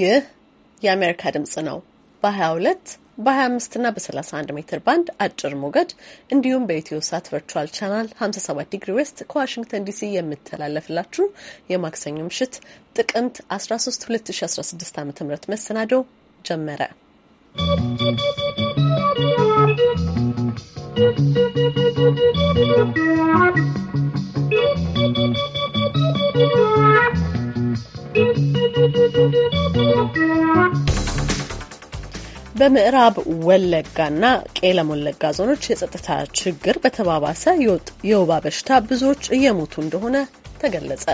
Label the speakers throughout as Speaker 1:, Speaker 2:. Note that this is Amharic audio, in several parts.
Speaker 1: ይህ የአሜሪካ ድምጽ ነው። በ22 በ25 እና በ31 ሜትር ባንድ አጭር ሞገድ እንዲሁም በኢትዮ ሳት ቨርቹዋል ቻናል 57 ዲግሪ ዌስት ከዋሽንግተን ዲሲ የምተላለፍላችሁ የማክሰኞ ምሽት ጥቅምት 13 2016 ዓ ም መሰናዶ ጀመረ። ¶¶ በምዕራብ ወለጋና ቄለም ወለጋ ዞኖች የጸጥታ ችግር በተባባሰ የወባ በሽታ ብዙዎች እየሞቱ እንደሆነ ተገለጸ።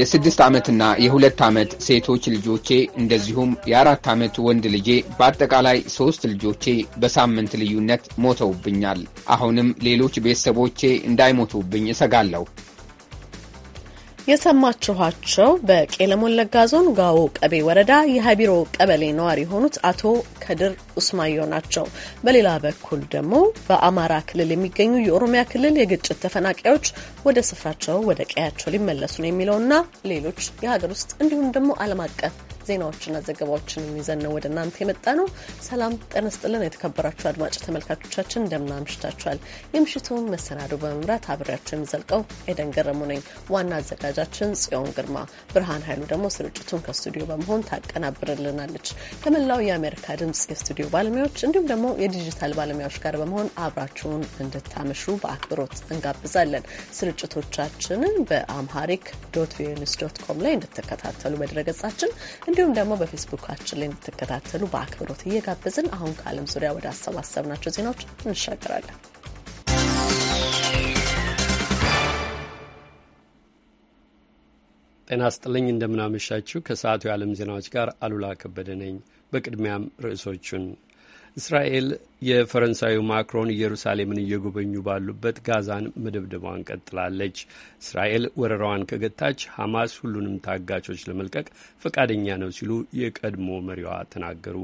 Speaker 2: የስድስት ዓመትና የሁለት ዓመት ሴቶች ልጆቼ እንደዚሁም የአራት ዓመት ወንድ ልጄ በአጠቃላይ ሦስት ልጆቼ በሳምንት ልዩነት ሞተውብኛል። አሁንም ሌሎች ቤተሰቦቼ እንዳይሞቱብኝ እሰጋለሁ።
Speaker 1: የሰማችኋቸው በቄለም ወለጋ ዞን ጋዎ ቀቤ ወረዳ የሀቢሮ ቀበሌ ነዋሪ የሆኑት አቶ ከድር ኡስማዮ ናቸው። በሌላ በኩል ደግሞ በአማራ ክልል የሚገኙ የኦሮሚያ ክልል የግጭት ተፈናቃዮች ወደ ስፍራቸው ወደ ቀያቸው ሊመለሱ ነው የሚለውና ሌሎች የሀገር ውስጥ እንዲሁም ደግሞ ዓለም አቀፍ ዜናዎችና ዘገባዎችን ይዘን ነው ወደ እናንተ የመጣ ነው። ሰላም ጤና ይስጥልን። የተከበራችሁ አድማጭ ተመልካቾቻችን እንደምን አምሽታችኋል? የምሽቱን መሰናዶ በመምራት አብሬያቸው የሚዘልቀው ኤደን ገረሙ ነኝ። ዋና አዘጋጃችን ጽዮን ግርማ፣ ብርሃን ኃይሉ ደግሞ ስርጭቱን ከስቱዲዮ በመሆን ታቀናብርልናለች። ከመላው የአሜሪካ ድምጽ የስቱዲዮ ባለሙያዎች እንዲሁም ደግሞ የዲጂታል ባለሙያዎች ጋር በመሆን አብራችሁን እንድታመሹ በአክብሮት እንጋብዛለን። ስርጭቶቻችንን በአምሃሪክ ዶት ቪኦኤ ኒውስ ዶት ኮም ላይ እንድትከታተሉ በድረገጻችን እንዲሁም ደግሞ በፌስቡካችን ላይ እንድትከታተሉ በአክብሮት እየጋበዝን አሁን ከዓለም ዙሪያ ወደ አሰባሰብናቸው ዜናዎች እንሻገራለን።
Speaker 3: ጤና ስጥልኝ እንደምናመሻችሁ። ከሰዓቱ የዓለም ዜናዎች ጋር አሉላ ከበደ ነኝ። በቅድሚያም ርዕሶቹን እስራኤል የፈረንሳዩ ማክሮን ኢየሩሳሌምን እየጎበኙ ባሉበት ጋዛን መደብደቧን ቀጥላለች። እስራኤል ወረራዋን ከገታች ሐማስ ሁሉንም ታጋቾች ለመልቀቅ ፈቃደኛ ነው ሲሉ የቀድሞ መሪዋ ተናገሩ።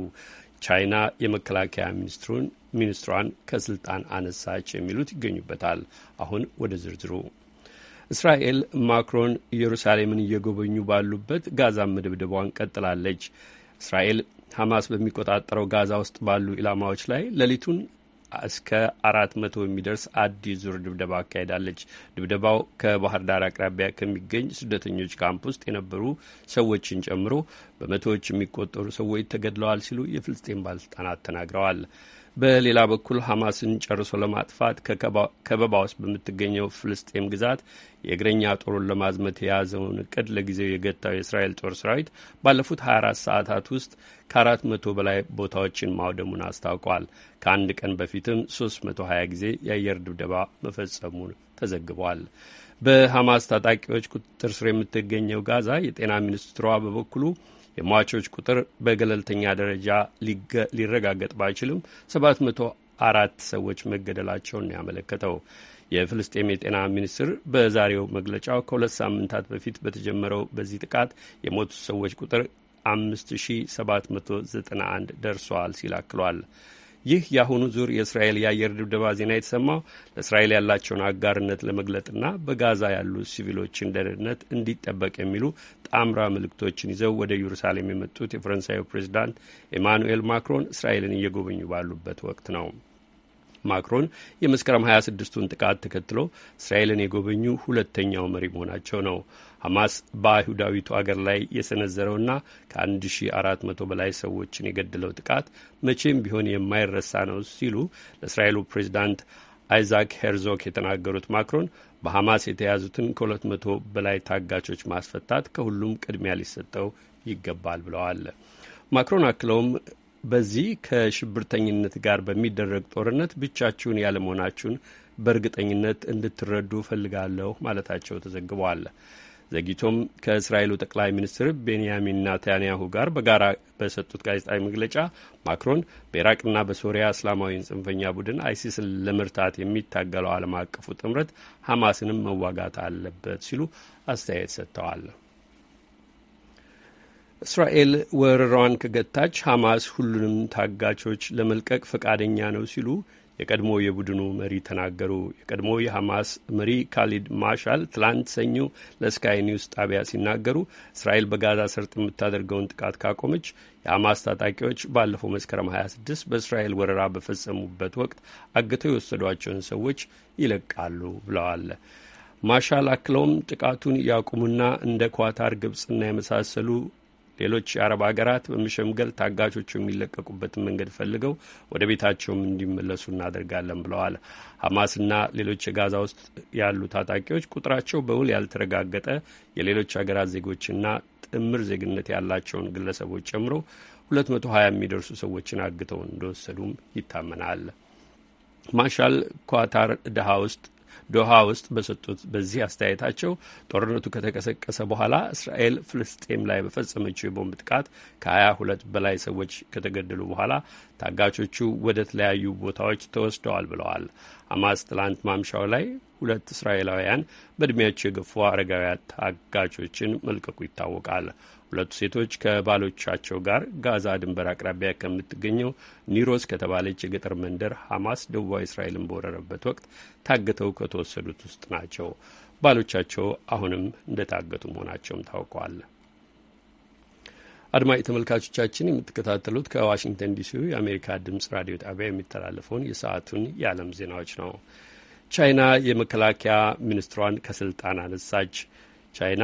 Speaker 3: ቻይና የመከላከያ ሚኒስትሩን ሚኒስትሯን ከስልጣን አነሳች የሚሉት ይገኙበታል። አሁን ወደ ዝርዝሩ እስራኤል ማክሮን ኢየሩሳሌምን እየጎበኙ ባሉበት ጋዛን መደብደቧን ቀጥላለች። እስራኤል ሐማስ በሚቆጣጠረው ጋዛ ውስጥ ባሉ ኢላማዎች ላይ ሌሊቱን እስከ አራት መቶ የሚደርስ አዲስ ዙር ድብደባ አካሄዳለች። ድብደባው ከባህር ዳር አቅራቢያ ከሚገኝ ስደተኞች ካምፕ ውስጥ የነበሩ ሰዎችን ጨምሮ በመቶዎች የሚቆጠሩ ሰዎች ተገድለዋል ሲሉ የፍልስጤን ባለስልጣናት ተናግረዋል። በሌላ በኩል ሐማስን ጨርሶ ለማጥፋት ከበባ ውስጥ በምትገኘው ፍልስጤም ግዛት የእግረኛ ጦሩን ለማዝመት የያዘውን እቅድ ለጊዜው የገታው የእስራኤል ጦር ሰራዊት ባለፉት 24 ሰዓታት ውስጥ ከአራት መቶ በላይ ቦታዎችን ማውደሙን አስታውቋል። ከአንድ ቀን በፊትም 320 ጊዜ የአየር ድብደባ መፈጸሙን ተዘግቧል። በሐማስ ታጣቂዎች ቁጥጥር ስር የምትገኘው ጋዛ የጤና ሚኒስትሯ በበኩሉ የሟቾች ቁጥር በገለልተኛ ደረጃ ሊረጋገጥ ባይችልም አራት ሰዎች መገደላቸውን ያመለከተው የፍልስጤም የጤና ሚኒስትር በዛሬው መግለጫው ከሁለት ሳምንታት በፊት በተጀመረው በዚህ ጥቃት የሞቱት ሰዎች ቁጥር 5791 ደርሷል ሲል አክሏል። ይህ የአሁኑ ዙር የእስራኤል የአየር ድብደባ ዜና የተሰማው ለእስራኤል ያላቸውን አጋርነት ለመግለጥና በጋዛ ያሉ ሲቪሎችን ደህንነት እንዲጠበቅ የሚሉ ጣምራ ምልክቶችን ይዘው ወደ ኢየሩሳሌም የመጡት የፈረንሳዩ ፕሬዚዳንት ኢማኑኤል ማክሮን እስራኤልን እየጎበኙ ባሉበት ወቅት ነው። ማክሮን የመስከረም 26ቱን ጥቃት ተከትሎ እስራኤልን የጎበኙ ሁለተኛው መሪ መሆናቸው ነው። ሐማስ በአይሁዳዊቱ አገር ላይ የሰነዘረውና ከ1400 በላይ ሰዎችን የገደለው ጥቃት መቼም ቢሆን የማይረሳ ነው ሲሉ ለእስራኤሉ ፕሬዚዳንት አይዛክ ሄርዞግ የተናገሩት ማክሮን በሐማስ የተያዙትን ከ200 በላይ ታጋቾች ማስፈታት ከሁሉም ቅድሚያ ሊሰጠው ይገባል ብለዋል። ማክሮን አክለውም በዚህ ከሽብርተኝነት ጋር በሚደረግ ጦርነት ብቻችሁን ያለመሆናችሁን በእርግጠኝነት እንድትረዱ ፈልጋለሁ ማለታቸው ተዘግበዋል። ዘግይቶም ከእስራኤሉ ጠቅላይ ሚኒስትር ቤንያሚን ናታንያሁ ጋር በጋራ በሰጡት ጋዜጣዊ መግለጫ ማክሮን በኢራቅና በሶሪያ እስላማዊ ጽንፈኛ ቡድን አይሲስን ለመርታት የሚታገለው ዓለም አቀፉ ጥምረት ሐማስንም መዋጋት አለበት ሲሉ አስተያየት ሰጥተዋል። እስራኤል ወረራዋን ከገታች ሐማስ ሁሉንም ታጋቾች ለመልቀቅ ፈቃደኛ ነው ሲሉ የቀድሞ የቡድኑ መሪ ተናገሩ። የቀድሞ የሐማስ መሪ ካሊድ ማሻል ትላንት ሰኞ ለስካይ ኒውስ ጣቢያ ሲናገሩ እስራኤል በጋዛ ሰርጥ የምታደርገውን ጥቃት ካቆመች የሐማስ ታጣቂዎች ባለፈው መስከረም 26 በእስራኤል ወረራ በፈጸሙበት ወቅት አግተው የወሰዷቸውን ሰዎች ይለቃሉ ብለዋል። ማሻል አክለውም ጥቃቱን ያቁሙና እንደ ኳታር፣ ግብጽና የመሳሰሉ ሌሎች የአረብ ሀገራት በመሸምገል ታጋቾቹ የሚለቀቁበትን መንገድ ፈልገው ወደ ቤታቸውም እንዲመለሱ እናደርጋለን ብለዋል። ሐማስና ሌሎች የጋዛ ውስጥ ያሉ ታጣቂዎች ቁጥራቸው በውል ያልተረጋገጠ የሌሎች ሀገራት ዜጎችና ጥምር ዜግነት ያላቸውን ግለሰቦች ጨምሮ 220 የሚደርሱ ሰዎችን አግተው እንደወሰዱም ይታመናል። ማሻል ኳታር ድሃ ውስጥ ዶሃ ውስጥ በሰጡት በዚህ አስተያየታቸው ጦርነቱ ከተቀሰቀሰ በኋላ እስራኤል ፍልስጤም ላይ በፈጸመችው የቦምብ ጥቃት ከሀያ ሁለት በላይ ሰዎች ከተገደሉ በኋላ ታጋቾቹ ወደ ተለያዩ ቦታዎች ተወስደዋል ብለዋል። አማስ ትላንት ማምሻው ላይ ሁለት እስራኤላውያን በእድሜያቸው የገፉ አረጋውያን ታጋቾችን መልቀቁ ይታወቃል። ሁለቱ ሴቶች ከባሎቻቸው ጋር ጋዛ ድንበር አቅራቢያ ከምትገኘው ኒሮስ ከተባለች የገጠር መንደር ሐማስ ደቡባዊ እስራኤልን በወረረበት ወቅት ታግተው ከተወሰዱት ውስጥ ናቸው። ባሎቻቸው አሁንም እንደታገቱ መሆናቸውም ታውቋል። አድማጭ ተመልካቾቻችን የምትከታተሉት ከዋሽንግተን ዲሲ የአሜሪካ ድምጽ ራዲዮ ጣቢያ የሚተላለፈውን የሰዓቱን የዓለም ዜናዎች ነው። ቻይና የመከላከያ ሚኒስትሯን ከስልጣን አነሳች። ቻይና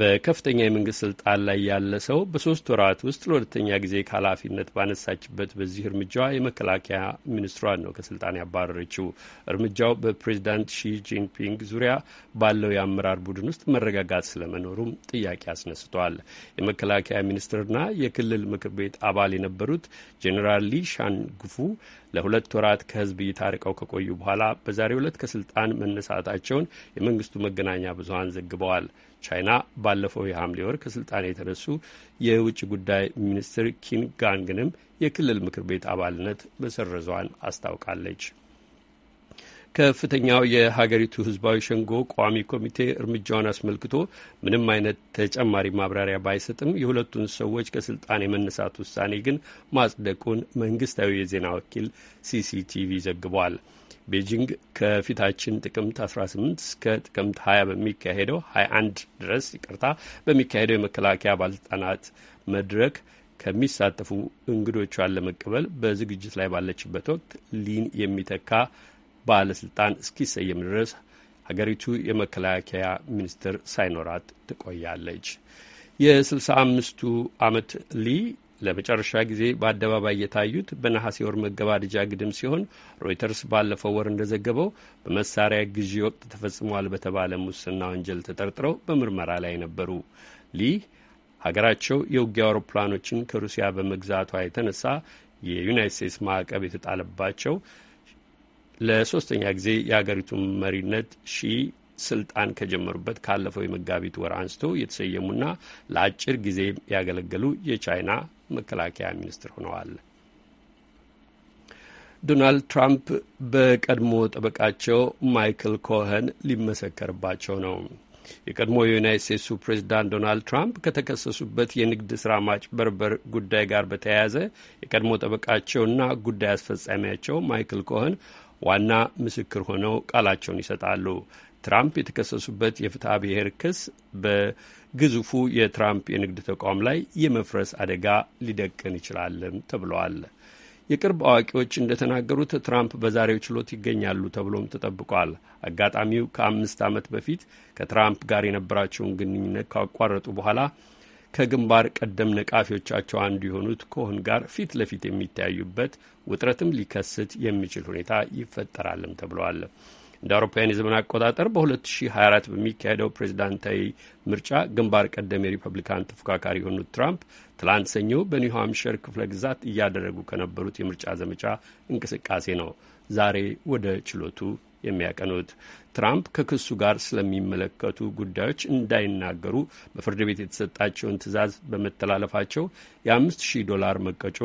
Speaker 3: በከፍተኛ የመንግስት ስልጣን ላይ ያለ ሰው በሶስት ወራት ውስጥ ለሁለተኛ ጊዜ ከኃላፊነት ባነሳችበት በዚህ እርምጃዋ የመከላከያ ሚኒስትሯን ነው ከስልጣን ያባረረችው። እርምጃው በፕሬዚዳንት ሺ ጂንፒንግ ዙሪያ ባለው የአመራር ቡድን ውስጥ መረጋጋት ስለመኖሩም ጥያቄ አስነስቷል። የመከላከያ ሚኒስትርና የክልል ምክር ቤት አባል የነበሩት ጄኔራል ሊ ሻንግፉ ለሁለት ወራት ከህዝብ እይታ ርቀው ከቆዩ በኋላ በዛሬው ዕለት ከስልጣን መነሳታቸውን የመንግስቱ መገናኛ ብዙሀን ዘግበዋል። ቻይና ባለፈው የሐምሌ ወር ከስልጣን የተነሱ የውጭ ጉዳይ ሚኒስትር ኪንጋንግንም የክልል ምክር ቤት አባልነት መሰረዟን አስታውቃለች። ከፍተኛው የሀገሪቱ ህዝባዊ ሸንጎ ቋሚ ኮሚቴ እርምጃውን አስመልክቶ ምንም አይነት ተጨማሪ ማብራሪያ ባይሰጥም የሁለቱን ሰዎች ከስልጣን የመነሳት ውሳኔ ግን ማጽደቁን መንግስታዊ የዜና ወኪል ሲሲቲቪ ዘግቧል። ቤጂንግ ከፊታችን ጥቅምት 18 እስከ ጥቅምት 20 በሚካሄደው 21 ድረስ ይቅርታ በሚካሄደው የመከላከያ ባለስልጣናት መድረክ ከሚሳተፉ እንግዶቿን ለመቀበል በዝግጅት ላይ ባለችበት ወቅት ሊን የሚተካ ባለስልጣን እስኪሰየም ድረስ ሀገሪቱ የመከላከያ ሚኒስትር ሳይኖራት ትቆያለች። የ የስልሳ አምስቱ አመት ሊ ለመጨረሻ ጊዜ በአደባባይ የታዩት በነሐሴ ወር መገባደጃ ግድም ሲሆን ሮይተርስ ባለፈው ወር እንደዘገበው በመሳሪያ ግዢ ወቅት ተፈጽሟል በተባለ ሙስና ወንጀል ተጠርጥረው በምርመራ ላይ ነበሩ። ሊ ሀገራቸው የውጊያ አውሮፕላኖችን ከሩሲያ በመግዛቷ የተነሳ የዩናይት ስቴትስ ማዕቀብ የተጣለባቸው ለሶስተኛ ጊዜ የአገሪቱን መሪነት ሺ ስልጣን ከጀመሩበት ካለፈው የመጋቢት ወር አንስቶ የተሰየሙና ለአጭር ጊዜ ያገለገሉ የቻይና መከላከያ ሚኒስትር ሆነዋል። ዶናልድ ትራምፕ በቀድሞ ጠበቃቸው ማይክል ኮኸን ሊመሰከርባቸው ነው። የቀድሞ የዩናይት ስቴትሱ ፕሬዚዳንት ዶናልድ ትራምፕ ከተከሰሱበት የንግድ ሥራ ማጭበርበር ጉዳይ ጋር በተያያዘ የቀድሞ ጠበቃቸውና ጉዳይ አስፈጻሚያቸው ማይክል ኮኸን ዋና ምስክር ሆነው ቃላቸውን ይሰጣሉ። ትራምፕ የተከሰሱበት የፍትሐ ብሔር ክስ በግዙፉ የትራምፕ የንግድ ተቋም ላይ የመፍረስ አደጋ ሊደቅን ይችላልም ተብለዋል። የቅርብ አዋቂዎች እንደተናገሩት ትራምፕ በዛሬው ችሎት ይገኛሉ ተብሎም ተጠብቋል። አጋጣሚው ከአምስት ዓመት በፊት ከትራምፕ ጋር የነበራቸውን ግንኙነት ካቋረጡ በኋላ ከግንባር ቀደም ነቃፊዎቻቸው አንዱ የሆኑት ኮሆን ጋር ፊት ለፊት የሚተያዩበት ውጥረትም ሊከስት የሚችል ሁኔታ ይፈጠራልም ተብለዋል። እንደ አውሮፓውያን የዘመን አቆጣጠር በ2024 በሚካሄደው ፕሬዚዳንታዊ ምርጫ ግንባር ቀደም የሪፐብሊካን ተፎካካሪ የሆኑት ትራምፕ ትላንት ሰኞ በኒው ሃምሽር ክፍለ ግዛት እያደረጉ ከነበሩት የምርጫ ዘመቻ እንቅስቃሴ ነው ዛሬ ወደ ችሎቱ የሚያቀኑት ትራምፕ ከክሱ ጋር ስለሚመለከቱ ጉዳዮች እንዳይናገሩ በፍርድ ቤት የተሰጣቸውን ትዕዛዝ በመተላለፋቸው የአምስት ሺህ ዶላር መቀጮ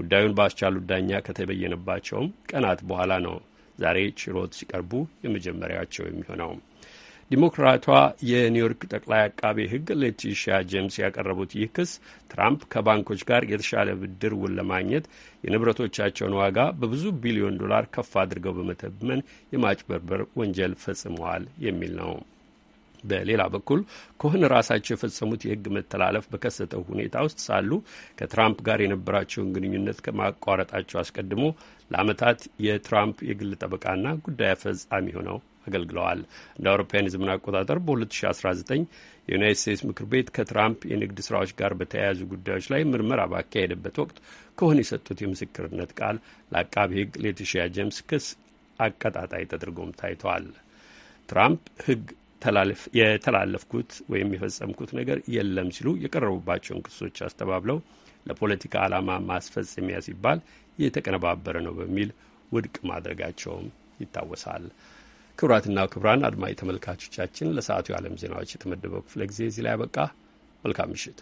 Speaker 3: ጉዳዩን በአስቻሉት ዳኛ ከተበየነባቸውም ቀናት በኋላ ነው ዛሬ ችሎት ሲቀርቡ የመጀመሪያቸው የሚሆነው። ዲሞክራቷ የኒውዮርክ ጠቅላይ አቃቤ ሕግ ሌቲሺያ ጄምስ ያቀረቡት ይህ ክስ ትራምፕ ከባንኮች ጋር የተሻለ ብድር ውል ለማግኘት የንብረቶቻቸውን ዋጋ በብዙ ቢሊዮን ዶላር ከፍ አድርገው በመተመን የማጭበርበር ወንጀል ፈጽመዋል የሚል ነው። በሌላ በኩል ኮህን ራሳቸው የፈጸሙት የህግ መተላለፍ በከሰተው ሁኔታ ውስጥ ሳሉ ከትራምፕ ጋር የነበራቸውን ግንኙነት ከማቋረጣቸው አስቀድሞ ለአመታት የትራምፕ የግል ጠበቃና ጉዳይ አፈጻሚ ሆነው አገልግለዋል። እንደ አውሮፓውያን የዘመን አቆጣጠር በ2019 የዩናይት ስቴትስ ምክር ቤት ከትራምፕ የንግድ ስራዎች ጋር በተያያዙ ጉዳዮች ላይ ምርመራ ባካሄደበት ወቅት ከሆን የሰጡት የምስክርነት ቃል ለአቃቢ ሕግ ሌቲሺያ ጄምስ ክስ አቀጣጣይ ተደርጎም ታይተዋል። ትራምፕ ሕግ የተላለፍኩት ወይም የፈጸምኩት ነገር የለም ሲሉ የቀረቡባቸውን ክሶች አስተባብለው ለፖለቲካ ዓላማ ማስፈጸሚያ ሲባል የተቀነባበረ ነው በሚል ውድቅ ማድረጋቸውም ይታወሳል። ክቡራትና ክቡራን አድማጭ ተመልካቾቻችን ለሰዓቱ የዓለም ዜናዎች የተመደበው ክፍለ ጊዜ እዚህ ላይ ያበቃ። መልካም ምሽት።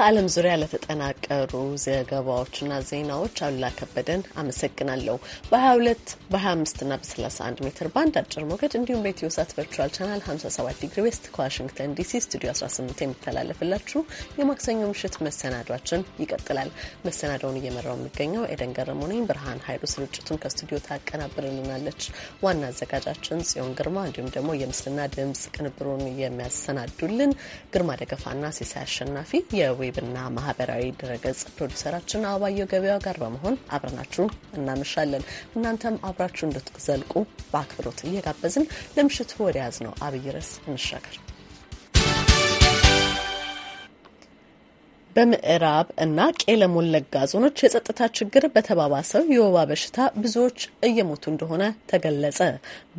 Speaker 1: ከዓለም ዙሪያ ለተጠናቀሩ ዘገባዎችና ዜናዎች አሉላ ከበደን አመሰግናለሁ። በ22 በ25ና በ31 ሜትር ባንድ አጭር ሞገድ እንዲሁም በኢትዮ ሳት ቨርቹዋል ቻናል 57 ዲግሪ ዌስት ከዋሽንግተን ዲሲ ስቱዲዮ 18 የሚተላለፍላችሁ የማክሰኞ ምሽት መሰናዷችን ይቀጥላል። መሰናዳውን እየመራው የሚገኘው ኤደን ገረሞኔኝ፣ ብርሃን ኃይሉ ስርጭቱን ከስቱዲዮ ታቀናብርልናለች። ዋና አዘጋጃችን ጽዮን ግርማ እንዲሁም ደግሞ የምስልና ድምፅ ቅንብሩን የሚያሰናዱልን ግርማ ደገፋና ሲሳይ አሸናፊ የዌ የዌብና ማህበራዊ ድረገጽ ፕሮዲሰራችን አበባየው ገበያው ጋር በመሆን አብረናችሁ እናመሻለን። እናንተም አብራችሁ እንድትዘልቁ በአክብሮት እየጋበዝን ለምሽቱ ወደ ነው አብይ ርዕስ እንሻገር። በምዕራብ እና ቄለም ወለጋ ዞኖች የጸጥታ ችግር በተባባሰው የወባ በሽታ ብዙዎች እየሞቱ እንደሆነ ተገለጸ።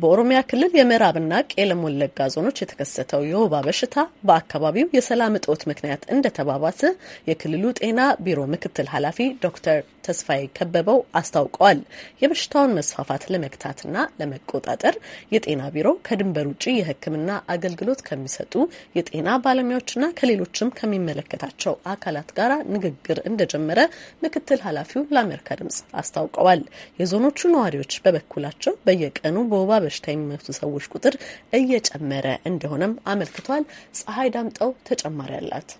Speaker 1: በኦሮሚያ ክልል የምዕራብና ቄለም ወለጋ ዞኖች የተከሰተው የወባ በሽታ በአካባቢው የሰላም እጦት ምክንያት እንደተባባሰ የክልሉ ጤና ቢሮ ምክትል ኃላፊ ዶክተር ተስፋዬ ከበበው አስታውቀዋል። የበሽታውን መስፋፋት ለመግታትና ለመቆጣጠር የጤና ቢሮ ከድንበር ውጭ የሕክምና አገልግሎት ከሚሰጡ የጤና ባለሙያዎችና ከሌሎችም ከሚመለከታቸው አካላት ጋር ንግግር እንደጀመረ ምክትል ኃላፊው ለአሜሪካ ድምጽ አስታውቀዋል። የዞኖቹ ነዋሪዎች በበኩላቸው በየቀኑ በወባ በሽታ የሚመቱ ሰዎች ቁጥር እየጨመረ እንደሆነም አመልክቷል። ፀሐይ ዳምጠው ተጨማሪ አላት።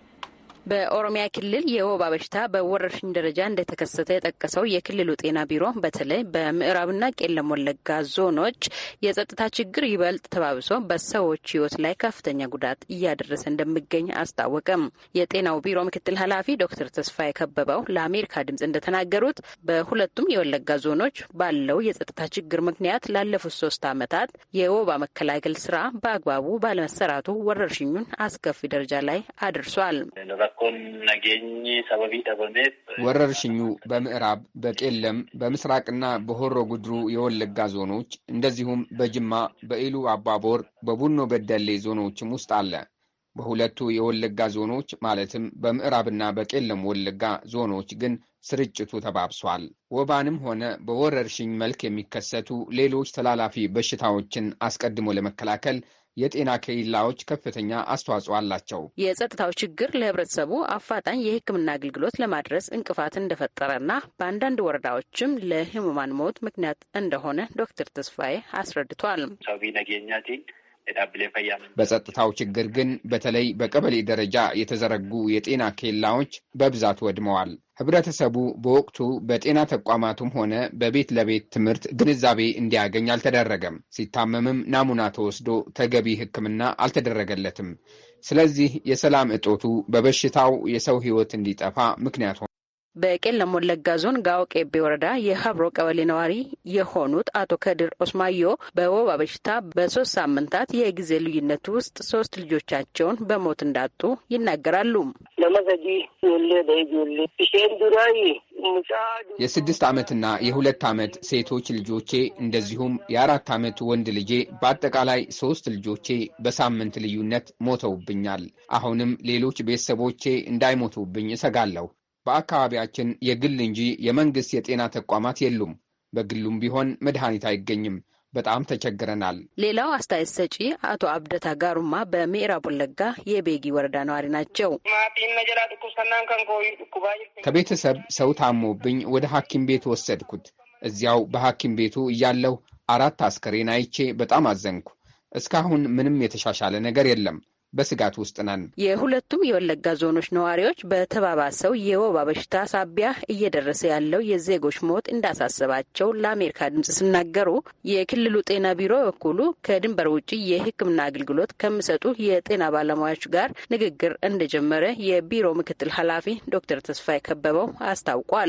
Speaker 4: በኦሮሚያ ክልል የወባ በሽታ በወረርሽኝ ደረጃ እንደተከሰተ የጠቀሰው የክልሉ ጤና ቢሮ በተለይ በምዕራብና ቄለም ወለጋ ዞኖች የጸጥታ ችግር ይበልጥ ተባብሶ በሰዎች ሕይወት ላይ ከፍተኛ ጉዳት እያደረሰ እንደሚገኝ አስታወቀም። የጤናው ቢሮ ምክትል ኃላፊ ዶክተር ተስፋዬ ከበበው ለአሜሪካ ድምጽ እንደተናገሩት በሁለቱም የወለጋ ዞኖች ባለው የጸጥታ ችግር ምክንያት ላለፉት ሶስት ዓመታት የወባ መከላከል ስራ በአግባቡ ባለመሰራቱ ወረርሽኙን አስከፊ ደረጃ ላይ አድርሷል።
Speaker 2: ወረርሽኙ በምዕራብ በቄለም በምስራቅና በሆሮ ጉድሩ የወለጋ ዞኖች እንደዚሁም በጅማ በኢሉ አባቦር በቡኖ በደሌ ዞኖችም ውስጥ አለ። በሁለቱ የወለጋ ዞኖች ማለትም በምዕራብና በቄለም ወለጋ ዞኖች ግን ስርጭቱ ተባብሷል። ወባንም ሆነ በወረርሽኝ መልክ የሚከሰቱ ሌሎች ተላላፊ በሽታዎችን አስቀድሞ ለመከላከል የጤና ኬላዎች ከፍተኛ አስተዋጽኦ አላቸው።
Speaker 4: የጸጥታው ችግር ለህብረተሰቡ አፋጣኝ የህክምና አገልግሎት ለማድረስ እንቅፋት እንደፈጠረና በአንዳንድ ወረዳዎችም ለህሙማን ሞት ምክንያት እንደሆነ ዶክተር ተስፋዬ አስረድቷል። ሰው ቢነገኛ በጸጥታው
Speaker 2: ችግር ግን በተለይ በቀበሌ ደረጃ የተዘረጉ የጤና ኬላዎች በብዛት ወድመዋል። ህብረተሰቡ በወቅቱ በጤና ተቋማቱም ሆነ በቤት ለቤት ትምህርት ግንዛቤ እንዲያገኝ አልተደረገም። ሲታመምም ናሙና ተወስዶ ተገቢ ሕክምና አልተደረገለትም። ስለዚህ የሰላም እጦቱ በበሽታው የሰው ሕይወት እንዲጠፋ ምክንያት
Speaker 4: በቄለም ወለጋ ዞን ጋኦ ቄቤ ወረዳ የሀብሮ ቀበሌ ነዋሪ የሆኑት አቶ ከድር ኦስማዮ በወባ በሽታ በሶስት ሳምንታት የጊዜ ልዩነት ውስጥ ሶስት ልጆቻቸውን በሞት እንዳጡ ይናገራሉ።
Speaker 2: የስድስት ዓመትና የሁለት ዓመት ሴቶች ልጆቼ እንደዚሁም የአራት ዓመት ወንድ ልጄ በአጠቃላይ ሶስት ልጆቼ በሳምንት ልዩነት ሞተውብኛል። አሁንም ሌሎች ቤተሰቦቼ እንዳይሞቱብኝ እሰጋለሁ። በአካባቢያችን የግል እንጂ የመንግስት የጤና ተቋማት የሉም። በግሉም ቢሆን መድኃኒት አይገኝም። በጣም ተቸግረናል።
Speaker 4: ሌላው አስተያየት ሰጪ አቶ አብደታ ጋሩማ በምዕራብ ወለጋ የቤጊ ወረዳ ነዋሪ ናቸው።
Speaker 2: ከቤተሰብ ሰው ታሞብኝ ወደ ሐኪም ቤት ወሰድኩት። እዚያው በሐኪም ቤቱ እያለሁ አራት አስከሬን አይቼ በጣም አዘንኩ። እስካሁን ምንም የተሻሻለ ነገር የለም። በስጋት ውስጥ ነን።
Speaker 4: የሁለቱም የወለጋ ዞኖች ነዋሪዎች በተባባሰው የወባ በሽታ ሳቢያ እየደረሰ ያለው የዜጎች ሞት እንዳሳሰባቸው ለአሜሪካ ድምጽ ሲናገሩ የክልሉ ጤና ቢሮ በኩሉ ከድንበር ውጭ የሕክምና አገልግሎት ከሚሰጡ የጤና ባለሙያዎች ጋር ንግግር እንደጀመረ የቢሮ ምክትል ኃላፊ ዶክተር ተስፋይ ከበበው አስታውቋል።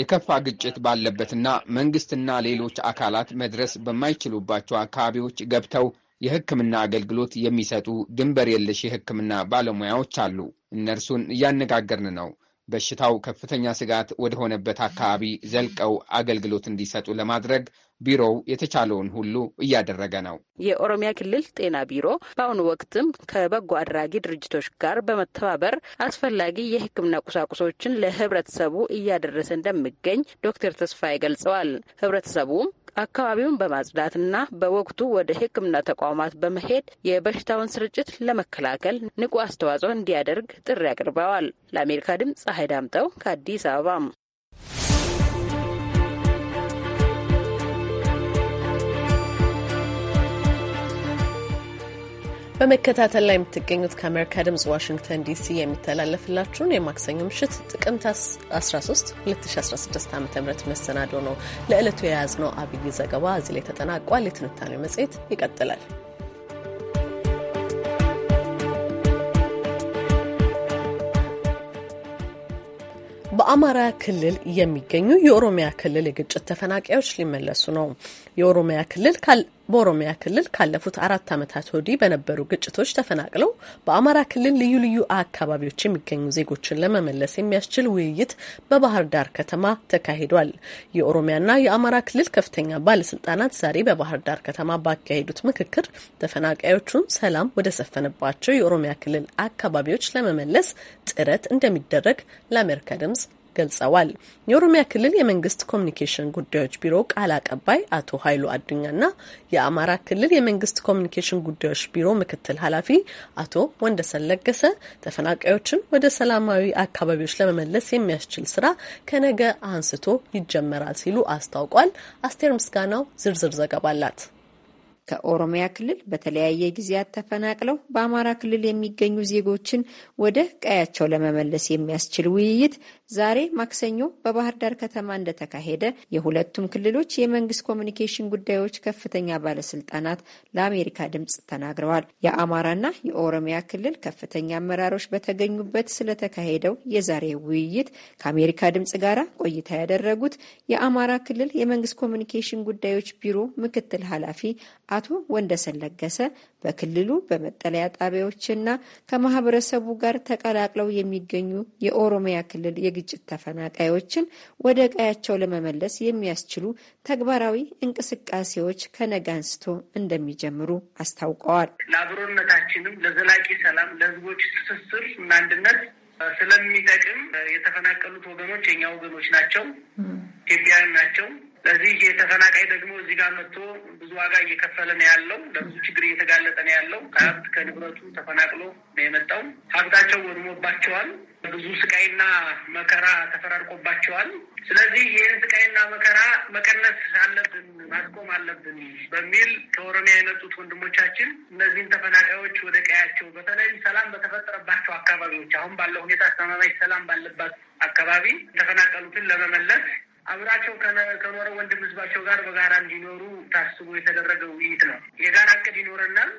Speaker 4: የከፋ
Speaker 2: ግጭት ባለበትና መንግስትና ሌሎች አካላት መድረስ በማይችሉባቸው አካባቢዎች ገብተው የሕክምና አገልግሎት የሚሰጡ ድንበር የለሽ የሕክምና ባለሙያዎች አሉ። እነርሱን እያነጋገርን ነው። በሽታው ከፍተኛ ስጋት ወደሆነበት አካባቢ ዘልቀው አገልግሎት እንዲሰጡ ለማድረግ ቢሮው የተቻለውን ሁሉ እያደረገ ነው።
Speaker 4: የኦሮሚያ ክልል ጤና ቢሮ በአሁኑ ወቅትም ከበጎ አድራጊ ድርጅቶች ጋር በመተባበር አስፈላጊ የህክምና ቁሳቁሶችን ለህብረተሰቡ እያደረሰ እንደሚገኝ ዶክተር ተስፋዬ ገልጸዋል። ህብረተሰቡም አካባቢውን በማጽዳትና በወቅቱ ወደ ሕክምና ተቋማት በመሄድ የበሽታውን ስርጭት ለመከላከል ንቁ አስተዋጽኦ እንዲያደርግ ጥሪ አቅርበዋል። ለአሜሪካ ድምፅ ፀሐይ ዳምጠው ከአዲስ አበባ
Speaker 1: በመከታተል ላይ የምትገኙት ከአሜሪካ ድምጽ ዋሽንግተን ዲሲ የሚተላለፍላችሁን የማክሰኞ ምሽት ጥቅምት 13 2016 ዓ ም መሰናዶ ነው። ለዕለቱ የያዝነው አብይ ዘገባ እዚህ ላይ ተጠናቋል። የትንታኔው መጽሔት ይቀጥላል። በአማራ ክልል የሚገኙ የኦሮሚያ ክልል የግጭት ተፈናቃዮች ሊመለሱ ነው። የኦሮሚያ ክልል በኦሮሚያ ክልል ካለፉት አራት ዓመታት ወዲህ በነበሩ ግጭቶች ተፈናቅለው በአማራ ክልል ልዩ ልዩ አካባቢዎች የሚገኙ ዜጎችን ለመመለስ የሚያስችል ውይይት በባህር ዳር ከተማ ተካሂዷል። የኦሮሚያና የአማራ ክልል ከፍተኛ ባለስልጣናት ዛሬ በባህር ዳር ከተማ ባካሄዱት ምክክር ተፈናቃዮቹን ሰላም ወደ ሰፈነባቸው የኦሮሚያ ክልል አካባቢዎች ለመመለስ ጥረት እንደሚደረግ ለአሜሪካ ድምጽ ገልጸዋል። የኦሮሚያ ክልል የመንግስት ኮሚኒኬሽን ጉዳዮች ቢሮ ቃል አቀባይ አቶ ኃይሉ አዱኛና የአማራ ክልል የመንግስት ኮሚኒኬሽን ጉዳዮች ቢሮ ምክትል ኃላፊ አቶ ወንደሰን ለገሰ ተፈናቃዮችን ወደ ሰላማዊ አካባቢዎች ለመመለስ የሚያስችል ስራ ከነገ አንስቶ ይጀመራል
Speaker 5: ሲሉ አስታውቋል። አስቴር ምስጋናው ዝርዝር ዘገባ አላት። ከኦሮሚያ ክልል በተለያየ ጊዜያት ተፈናቅለው በአማራ ክልል የሚገኙ ዜጎችን ወደ ቀያቸው ለመመለስ የሚያስችል ውይይት ዛሬ ማክሰኞ በባህር ዳር ከተማ እንደተካሄደ የሁለቱም ክልሎች የመንግስት ኮሚኒኬሽን ጉዳዮች ከፍተኛ ባለስልጣናት ለአሜሪካ ድምፅ ተናግረዋል። የአማራና የኦሮሚያ ክልል ከፍተኛ አመራሮች በተገኙበት ስለተካሄደው የዛሬ ውይይት ከአሜሪካ ድምፅ ጋር ቆይታ ያደረጉት የአማራ ክልል የመንግስት ኮሚኒኬሽን ጉዳዮች ቢሮ ምክትል ኃላፊ አቶ ወንደሰን ለገሰ በክልሉ በመጠለያ ጣቢያዎችና ከማህበረሰቡ ጋር ተቀላቅለው የሚገኙ የኦሮሚያ ክልል የግ ግጭት ተፈናቃዮችን ወደ ቀያቸው ለመመለስ የሚያስችሉ ተግባራዊ እንቅስቃሴዎች ከነገ አንስቶ እንደሚጀምሩ አስታውቀዋል። ለአብሮነታችንም ለዘላቂ ሰላም፣ ለህዝቦች ትስስር እና አንድነት
Speaker 6: ስለሚጠቅም የተፈናቀሉት ወገኖች የኛ ወገኖች ናቸው፣ ኢትዮጵያውያን
Speaker 7: ናቸው። በዚህ የተፈናቃይ ደግሞ እዚህ ጋር መጥቶ ብዙ ዋጋ እየከፈለ ነው ያለው። ለብዙ ችግር እየተጋለጠ ነው ያለው። ከሀብት ከንብረቱ ተፈናቅሎ ነው የመጣው። ሀብታቸው ወድሞባቸዋል። ብዙ ስቃይና መከራ ተፈራርቆባቸዋል። ስለዚህ ይህን ስቃይና መከራ መቀነስ አለብን፣ ማስቆም አለብን በሚል ከኦሮሚያ የመጡት ወንድሞቻችን እነዚህን ተፈናቃዮች ወደ ቀያቸው በተለይ ሰላም በተፈጠረባቸው አካባቢዎች አሁን ባለው ሁኔታ አስተማማኝ ሰላም ባለባት አካባቢ የተፈናቀሉትን ለመመለስ አብራቸው ከኖረ ወንድም ህዝባቸው ጋር በጋራ እንዲኖሩ ታስቦ የተደረገ ውይይት ነው። የጋራ እቅድ ይኖረናል።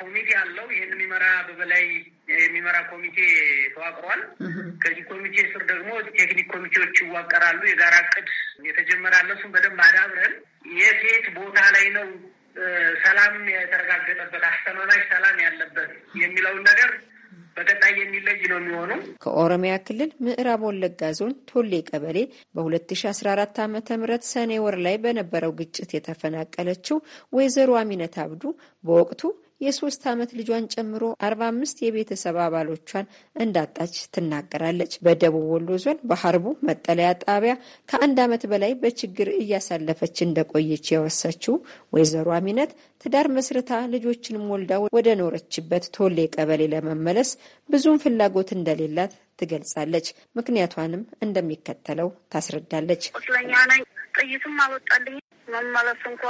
Speaker 7: ኮሚቴ አለው። ይህን የሚመራ በበላይ የሚመራ ኮሚቴ ተዋቅሯል። ከዚህ ኮሚቴ ስር ደግሞ ቴክኒክ ኮሚቴዎች ይዋቀራሉ። የጋራ እቅድ የተጀመረ አለ። እሱም በደንብ አዳብረን የሴት ቦታ ላይ ነው ሰላም የተረጋገጠበት አስተማማኝ ሰላም ያለበት የሚለውን ነገር በቀጣይ የሚለይ ነው የሚሆነው
Speaker 5: ከኦሮሚያ ክልል ምዕራብ ወለጋ ዞን ቶሌ ቀበሌ በ2014 ዓ ም ሰኔ ወር ላይ በነበረው ግጭት የተፈናቀለችው ወይዘሮ አሚነት አብዱ በወቅቱ የሶስት ዓመት ልጇን ጨምሮ አርባ አምስት የቤተሰብ አባሎቿን እንዳጣች ትናገራለች። በደቡብ ወሎ ዞን በሀርቡ መጠለያ ጣቢያ ከአንድ ዓመት በላይ በችግር እያሳለፈች እንደቆየች ያወሳችው ወይዘሮ አሚነት ትዳር መስርታ ልጆችንም ወልዳ ወደ ኖረችበት ቶሌ ቀበሌ ለመመለስ ብዙም ፍላጎት እንደሌላት ትገልጻለች። ምክንያቷንም እንደሚከተለው ታስረዳለች።
Speaker 8: ቁስለኛ ነኝ፣ ጥይትም አልወጣልኝ መመለስ እንኳ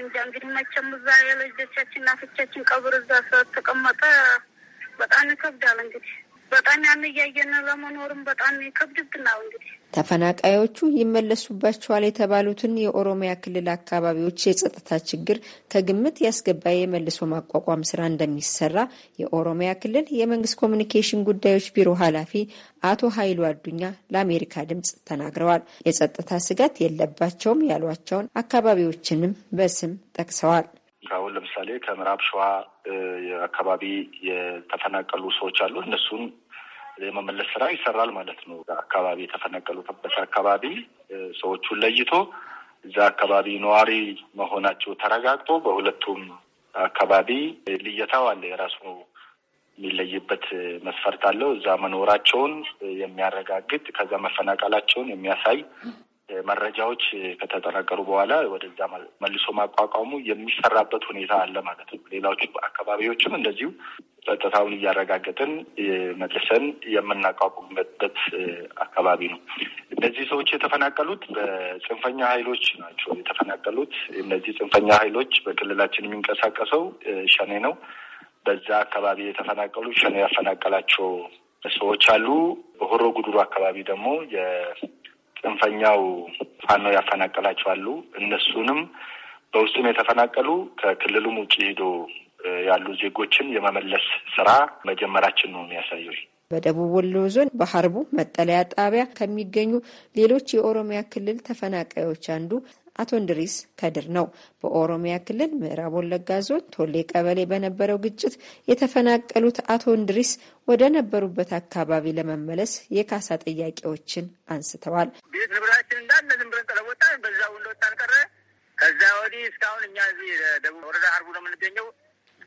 Speaker 8: እንጃ። እንግዲህ መቼም እዛ የልጆቻችን እና ቀብር እዛ ተቀመጠ በጣም ይከብዳል እንግዲህ በጣም ያን እያየን ለመኖርም በጣም ከብድብናው እንግዲህ
Speaker 5: ተፈናቃዮቹ ይመለሱባቸዋል የተባሉትን የኦሮሚያ ክልል አካባቢዎች የጸጥታ ችግር ከግምት ያስገባ የመልሶ ማቋቋም ስራ እንደሚሰራ የኦሮሚያ ክልል የመንግስት ኮሚኒኬሽን ጉዳዮች ቢሮ ኃላፊ አቶ ኃይሉ አዱኛ ለአሜሪካ ድምጽ ተናግረዋል። የጸጥታ ስጋት የለባቸውም ያሏቸውን አካባቢዎችንም በስም ጠቅሰዋል።
Speaker 9: አሁን ለምሳሌ ከምዕራብ ሸዋ አካባቢ የተፈናቀሉ ሰዎች አሉ። እነሱን የመመለስ ስራ ይሰራል ማለት ነው። አካባቢ የተፈናቀሉበት አካባቢ ሰዎቹን ለይቶ እዛ አካባቢ ነዋሪ መሆናቸው ተረጋግጦ በሁለቱም አካባቢ ልየታው አለ። የራሱ የሚለይበት መስፈርት አለው። እዛ መኖራቸውን የሚያረጋግጥ ከዛ መፈናቀላቸውን የሚያሳይ መረጃዎች ከተጠናቀሩ በኋላ ወደዛ መልሶ ማቋቋሙ የሚሰራበት ሁኔታ አለ ማለት ነው። ሌሎች አካባቢዎችም እንደዚሁ ጸጥታውን እያረጋገጥን መልሰን የምናቋቁምበት አካባቢ ነው። እነዚህ ሰዎች የተፈናቀሉት በጽንፈኛ ኃይሎች ናቸው የተፈናቀሉት። እነዚህ ጽንፈኛ ኃይሎች በክልላችን የሚንቀሳቀሰው ሸኔ ነው። በዛ አካባቢ የተፈናቀሉ ሸኔ ያፈናቀላቸው ሰዎች አሉ። በሆሮ ጉዱሩ አካባቢ ደግሞ ጽንፈኛው ፋኖ ያፈናቀላቸዋሉ። እነሱንም በውስጡም የተፈናቀሉ ከክልሉም ውጭ ሄዶ ያሉ ዜጎችን የመመለስ ስራ መጀመራችን ነው የሚያሳየው።
Speaker 5: በደቡብ ወሎ ዞን በሀርቡ መጠለያ ጣቢያ ከሚገኙ ሌሎች የኦሮሚያ ክልል ተፈናቃዮች አንዱ አቶ እንድሪስ ከድር ነው። በኦሮሚያ ክልል ምዕራብ ወለጋ ዞን ቶሌ ቀበሌ በነበረው ግጭት የተፈናቀሉት አቶ እንድሪስ ወደ ነበሩበት አካባቢ ለመመለስ የካሳ ጥያቄዎችን አንስተዋል። ቤት ንብረታችን
Speaker 7: እንዳለ ዝም ብለን ጠለቦጣን በዛው እንደወጣን ቀረ። ከዛ ወዲህ እስካሁን እኛ እዚህ ደቡብ ወረዳ አርቡ ነው የምንገኘው።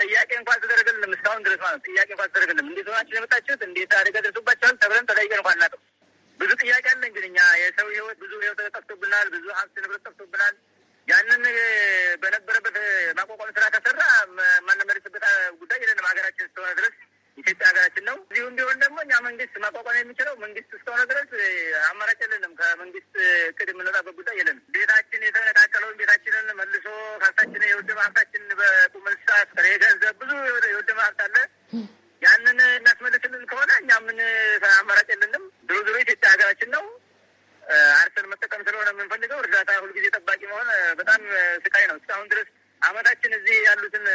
Speaker 7: ጥያቄ እንኳን ተደረገልንም እስካሁን ድረስ ማለት ጥያቄ እንኳን ተደረገልንም። እንዴት ሆናችን የመጣችሁት? እንዴት አደጋ ደርሶባችኋል? ተብለን ተጠይቀን እንኳን አናውቅም። ብዙ ጥያቄ አለን። ግን እኛ የሰው ህይወት ብዙ ህይወት ጠፍቶብናል፣ ብዙ ሀብት ንብረት ጠፍቶብናል። ያንን በነበረበት ማቋቋም ስራ ከሰራ ማንመለስበት ጉዳይ የለንም። ሀገራችን እስከሆነ ድረስ ኢትዮጵያ ሀገራችን ነው። እዚሁም ቢሆን ደግሞ እኛ መንግስት ማቋቋም የሚችለው መንግስት እስከሆነ ድረስ አማራጭ የለንም። ከመንግስት ቅድ የምንወጣበት ጉዳይ የለንም። ቤታችን የተነቃቀለውን ቤታችንን መልሶ ካሳችን የወደመ ሀብታችን በቁመልሳት ገንዘብ ብዙ የወደመ ሀብት አለ ያንን እናስመልስልን ከሆነ እኛ ምን አማራጭ የለንም። ድሮ ድሮ ኢትዮጵያ ሀገራችን ነው አርሰን መጠቀም ስለሆነ የምንፈልገው እርዳታ ሁልጊዜ ጠባቂ መሆን በጣም ስቃይ ነው። እስካሁን ድረስ አመታችን እዚህ
Speaker 5: ያሉትን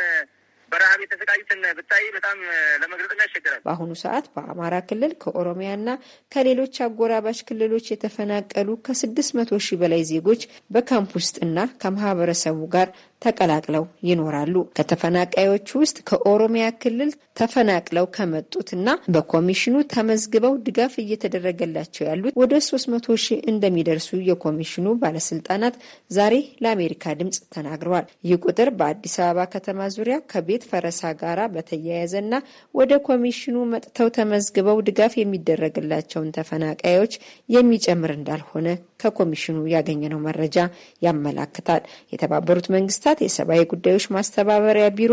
Speaker 5: በረሀብ የተሰቃዩትን ብታይ በጣም ለመግለጽ ያስቸግራል። በአሁኑ ሰዓት በአማራ ክልል ከኦሮሚያና ከሌሎች አጎራባች ክልሎች የተፈናቀሉ ከስድስት መቶ ሺህ በላይ ዜጎች በካምፕ ውስጥና ከማህበረሰቡ ጋር ተቀላቅለው ይኖራሉ። ከተፈናቃዮች ውስጥ ከኦሮሚያ ክልል ተፈናቅለው ከመጡትና በኮሚሽኑ ተመዝግበው ድጋፍ እየተደረገላቸው ያሉት ወደ 300 ሺህ እንደሚደርሱ የኮሚሽኑ ባለስልጣናት ዛሬ ለአሜሪካ ድምጽ ተናግረዋል። ይህ ቁጥር በአዲስ አበባ ከተማ ዙሪያ ከቤት ፈረሳ ጋር በተያያዘ እና ወደ ኮሚሽኑ መጥተው ተመዝግበው ድጋፍ የሚደረግላቸውን ተፈናቃዮች የሚጨምር እንዳልሆነ ከኮሚሽኑ ያገኘነው መረጃ ያመላክታል። የተባበሩት መንግስታት መንግስታት የሰብአዊ ጉዳዮች ማስተባበሪያ ቢሮ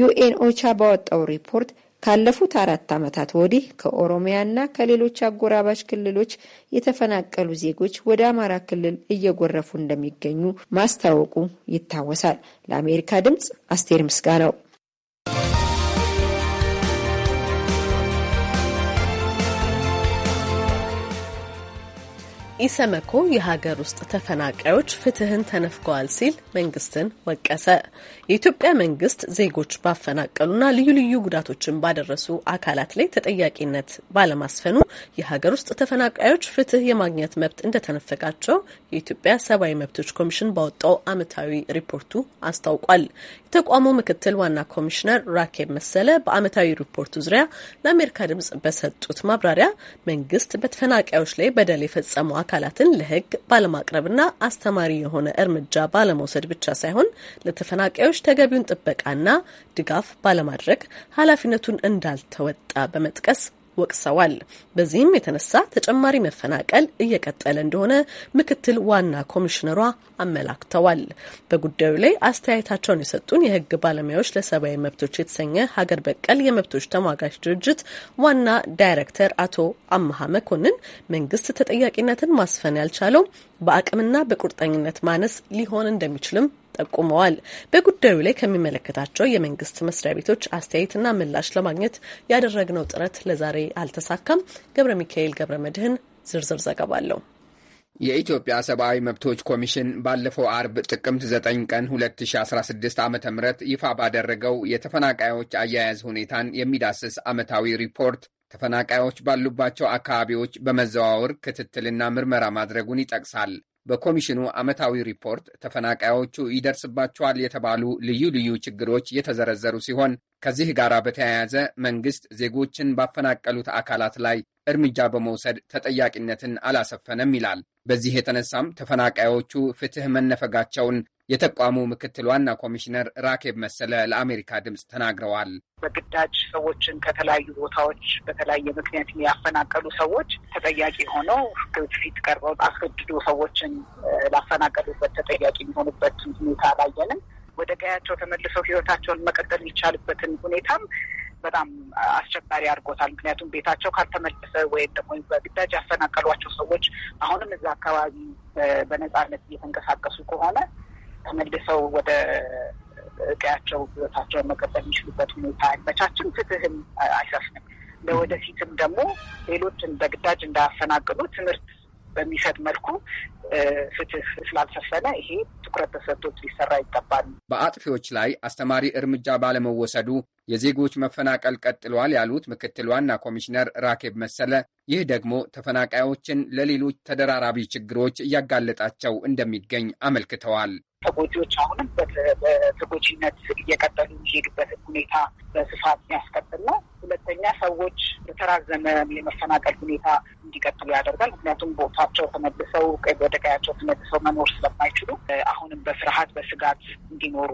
Speaker 5: ዩኤን ኦቻ ባወጣው ሪፖርት ካለፉት አራት ዓመታት ወዲህ ከኦሮሚያና ከሌሎች አጎራባች ክልሎች የተፈናቀሉ ዜጎች ወደ አማራ ክልል እየጎረፉ እንደሚገኙ ማስታወቁ ይታወሳል። ለአሜሪካ ድምጽ አስቴር ምስጋ ነው።
Speaker 1: ኢሰመኮ የሀገር ውስጥ ተፈናቃዮች ፍትህን ተነፍገዋል ሲል መንግስትን ወቀሰ። የኢትዮጵያ መንግስት ዜጎች ባፈናቀሉና ልዩ ልዩ ጉዳቶችን ባደረሱ አካላት ላይ ተጠያቂነት ባለማስፈኑ የሀገር ውስጥ ተፈናቃዮች ፍትህ የማግኘት መብት እንደተነፈቃቸው የኢትዮጵያ ሰብአዊ መብቶች ኮሚሽን ባወጣው አመታዊ ሪፖርቱ አስታውቋል። የተቋሙ ምክትል ዋና ኮሚሽነር ራኬብ መሰለ በአመታዊ ሪፖርቱ ዙሪያ ለአሜሪካ ድምጽ በሰጡት ማብራሪያ መንግስት በተፈናቃዮች ላይ በደል የፈጸሙ አካላትን ለህግ ባለማቅረብና አስተማሪ የሆነ እርምጃ ባለመውሰድ ብቻ ሳይሆን ለተፈናቃዮች ተገቢውን ጥበቃና ድጋፍ ባለማድረግ ኃላፊነቱን እንዳልተወጣ በመጥቀስ ወቅሰዋል። በዚህም የተነሳ ተጨማሪ መፈናቀል እየቀጠለ እንደሆነ ምክትል ዋና ኮሚሽነሯ አመላክተዋል። በጉዳዩ ላይ አስተያየታቸውን የሰጡን የህግ ባለሙያዎች ለሰብአዊ መብቶች የተሰኘ ሀገር በቀል የመብቶች ተሟጋች ድርጅት ዋና ዳይሬክተር አቶ አመሀ መኮንን መንግስት ተጠያቂነትን ማስፈን ያልቻለው በአቅምና በቁርጠኝነት ማነስ ሊሆን እንደሚችልም ጠቁመዋል። በጉዳዩ ላይ ከሚመለከታቸው የመንግስት መስሪያ ቤቶች አስተያየትና ምላሽ ለማግኘት ያደረግነው ጥረት ለዛሬ አልተሳካም። ገብረ ሚካኤል ገብረ መድህን ዝርዝር ዘገባ አለው።
Speaker 2: የኢትዮጵያ ሰብአዊ መብቶች ኮሚሽን ባለፈው አርብ ጥቅምት 9 ቀን 2016 ዓ ም ይፋ ባደረገው የተፈናቃዮች አያያዝ ሁኔታን የሚዳስስ ዓመታዊ ሪፖርት ተፈናቃዮች ባሉባቸው አካባቢዎች በመዘዋወር ክትትልና ምርመራ ማድረጉን ይጠቅሳል። በኮሚሽኑ ዓመታዊ ሪፖርት ተፈናቃዮቹ ይደርስባቸዋል የተባሉ ልዩ ልዩ ችግሮች የተዘረዘሩ ሲሆን ከዚህ ጋር በተያያዘ መንግስት ዜጎችን ባፈናቀሉት አካላት ላይ እርምጃ በመውሰድ ተጠያቂነትን አላሰፈነም ይላል። በዚህ የተነሳም ተፈናቃዮቹ ፍትህ መነፈጋቸውን የተቋሙ ምክትል ዋና ኮሚሽነር ራኬብ መሰለ ለአሜሪካ ድምፅ ተናግረዋል።
Speaker 8: በግዳጅ ሰዎችን ከተለያዩ ቦታዎች በተለያየ ምክንያት ያፈናቀሉ ሰዎች ተጠያቂ ሆነው ሕግ ፊት ቀርበው አስገድዶ ሰዎችን ላፈናቀሉበት ተጠያቂ የሚሆኑበት ሁኔታ አላየንም። ወደ ቀያቸው ተመልሰው ህይወታቸውን መቀጠል የሚቻልበትን ሁኔታም በጣም አስቸጋሪ አድርጎታል። ምክንያቱም ቤታቸው ካልተመለሰ ወይም ደግሞ በግዳጅ ያፈናቀሏቸው ሰዎች አሁንም እዛ አካባቢ በነጻነት እየተንቀሳቀሱ ከሆነ ተመልሰው ወደ ቀያቸው ህይወታቸውን መቀጠል የሚችሉበት ሁኔታ አይመቻችም። ፍትህም አይሰፍንም። ለወደፊትም ደግሞ ሌሎችን በግዳጅ እንዳያፈናቅሉ ትምህርት በሚሰጥ መልኩ ፍትህ ስላልሰፈነ ይሄ ትኩረት ተሰጥቶት
Speaker 2: ሊሰራ ይገባል። በአጥፊዎች ላይ አስተማሪ እርምጃ ባለመወሰዱ የዜጎች መፈናቀል ቀጥሏል ያሉት ምክትል ዋና ኮሚሽነር ራኬብ መሰለ ይህ ደግሞ ተፈናቃዮችን ለሌሎች ተደራራቢ ችግሮች እያጋለጣቸው እንደሚገኝ አመልክተዋል።
Speaker 8: ተጎጂዎች አሁንም በተጎጂነት እየቀጠሉ የሚሄዱበትን ሁኔታ በስፋት የሚያስቀጥል ነው። ሁለተኛ ሰዎች በተራዘመ የመፈናቀል ሁኔታ እንዲቀጥሉ ያደርጋል። ምክንያቱም ቦታቸው ተመልሰው ወደ ቀያቸው ተመልሰው መኖር ስለማይችሉ አሁንም በፍርሃት በስጋት እንዲኖሩ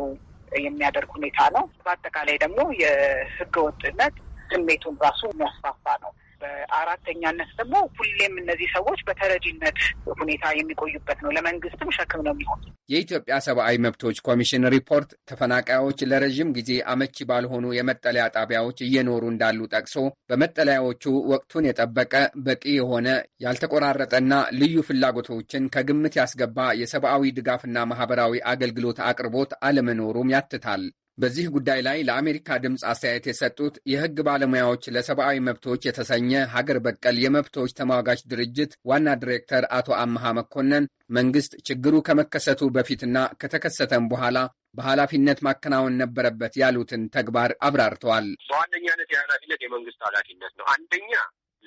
Speaker 8: የሚያደርግ ሁኔታ ነው። በአጠቃላይ ደግሞ የህገወጥነት ስሜቱን ራሱ የሚያስፋፋ ነው። በአራተኛነት ደግሞ ሁሌም እነዚህ ሰዎች በተረጂነት ሁኔታ የሚቆዩበት ነው። ለመንግስትም ሸክም ነው የሚሆን።
Speaker 2: የኢትዮጵያ ሰብአዊ መብቶች ኮሚሽን ሪፖርት ተፈናቃዮች ለረዥም ጊዜ አመቺ ባልሆኑ የመጠለያ ጣቢያዎች እየኖሩ እንዳሉ ጠቅሶ በመጠለያዎቹ ወቅቱን የጠበቀ በቂ የሆነ ያልተቆራረጠና ልዩ ፍላጎቶችን ከግምት ያስገባ የሰብአዊ ድጋፍና ማህበራዊ አገልግሎት አቅርቦት አለመኖሩም ያትታል። በዚህ ጉዳይ ላይ ለአሜሪካ ድምፅ አስተያየት የሰጡት የሕግ ባለሙያዎች ለሰብአዊ መብቶች የተሰኘ ሀገር በቀል የመብቶች ተሟጋች ድርጅት ዋና ዲሬክተር አቶ አመሃ መኮንን መንግስት ችግሩ ከመከሰቱ በፊትና ከተከሰተም በኋላ በኃላፊነት ማከናወን ነበረበት ያሉትን ተግባር አብራርተዋል።
Speaker 10: በዋነኛነት የኃላፊነት የመንግስት ኃላፊነት ነው። አንደኛ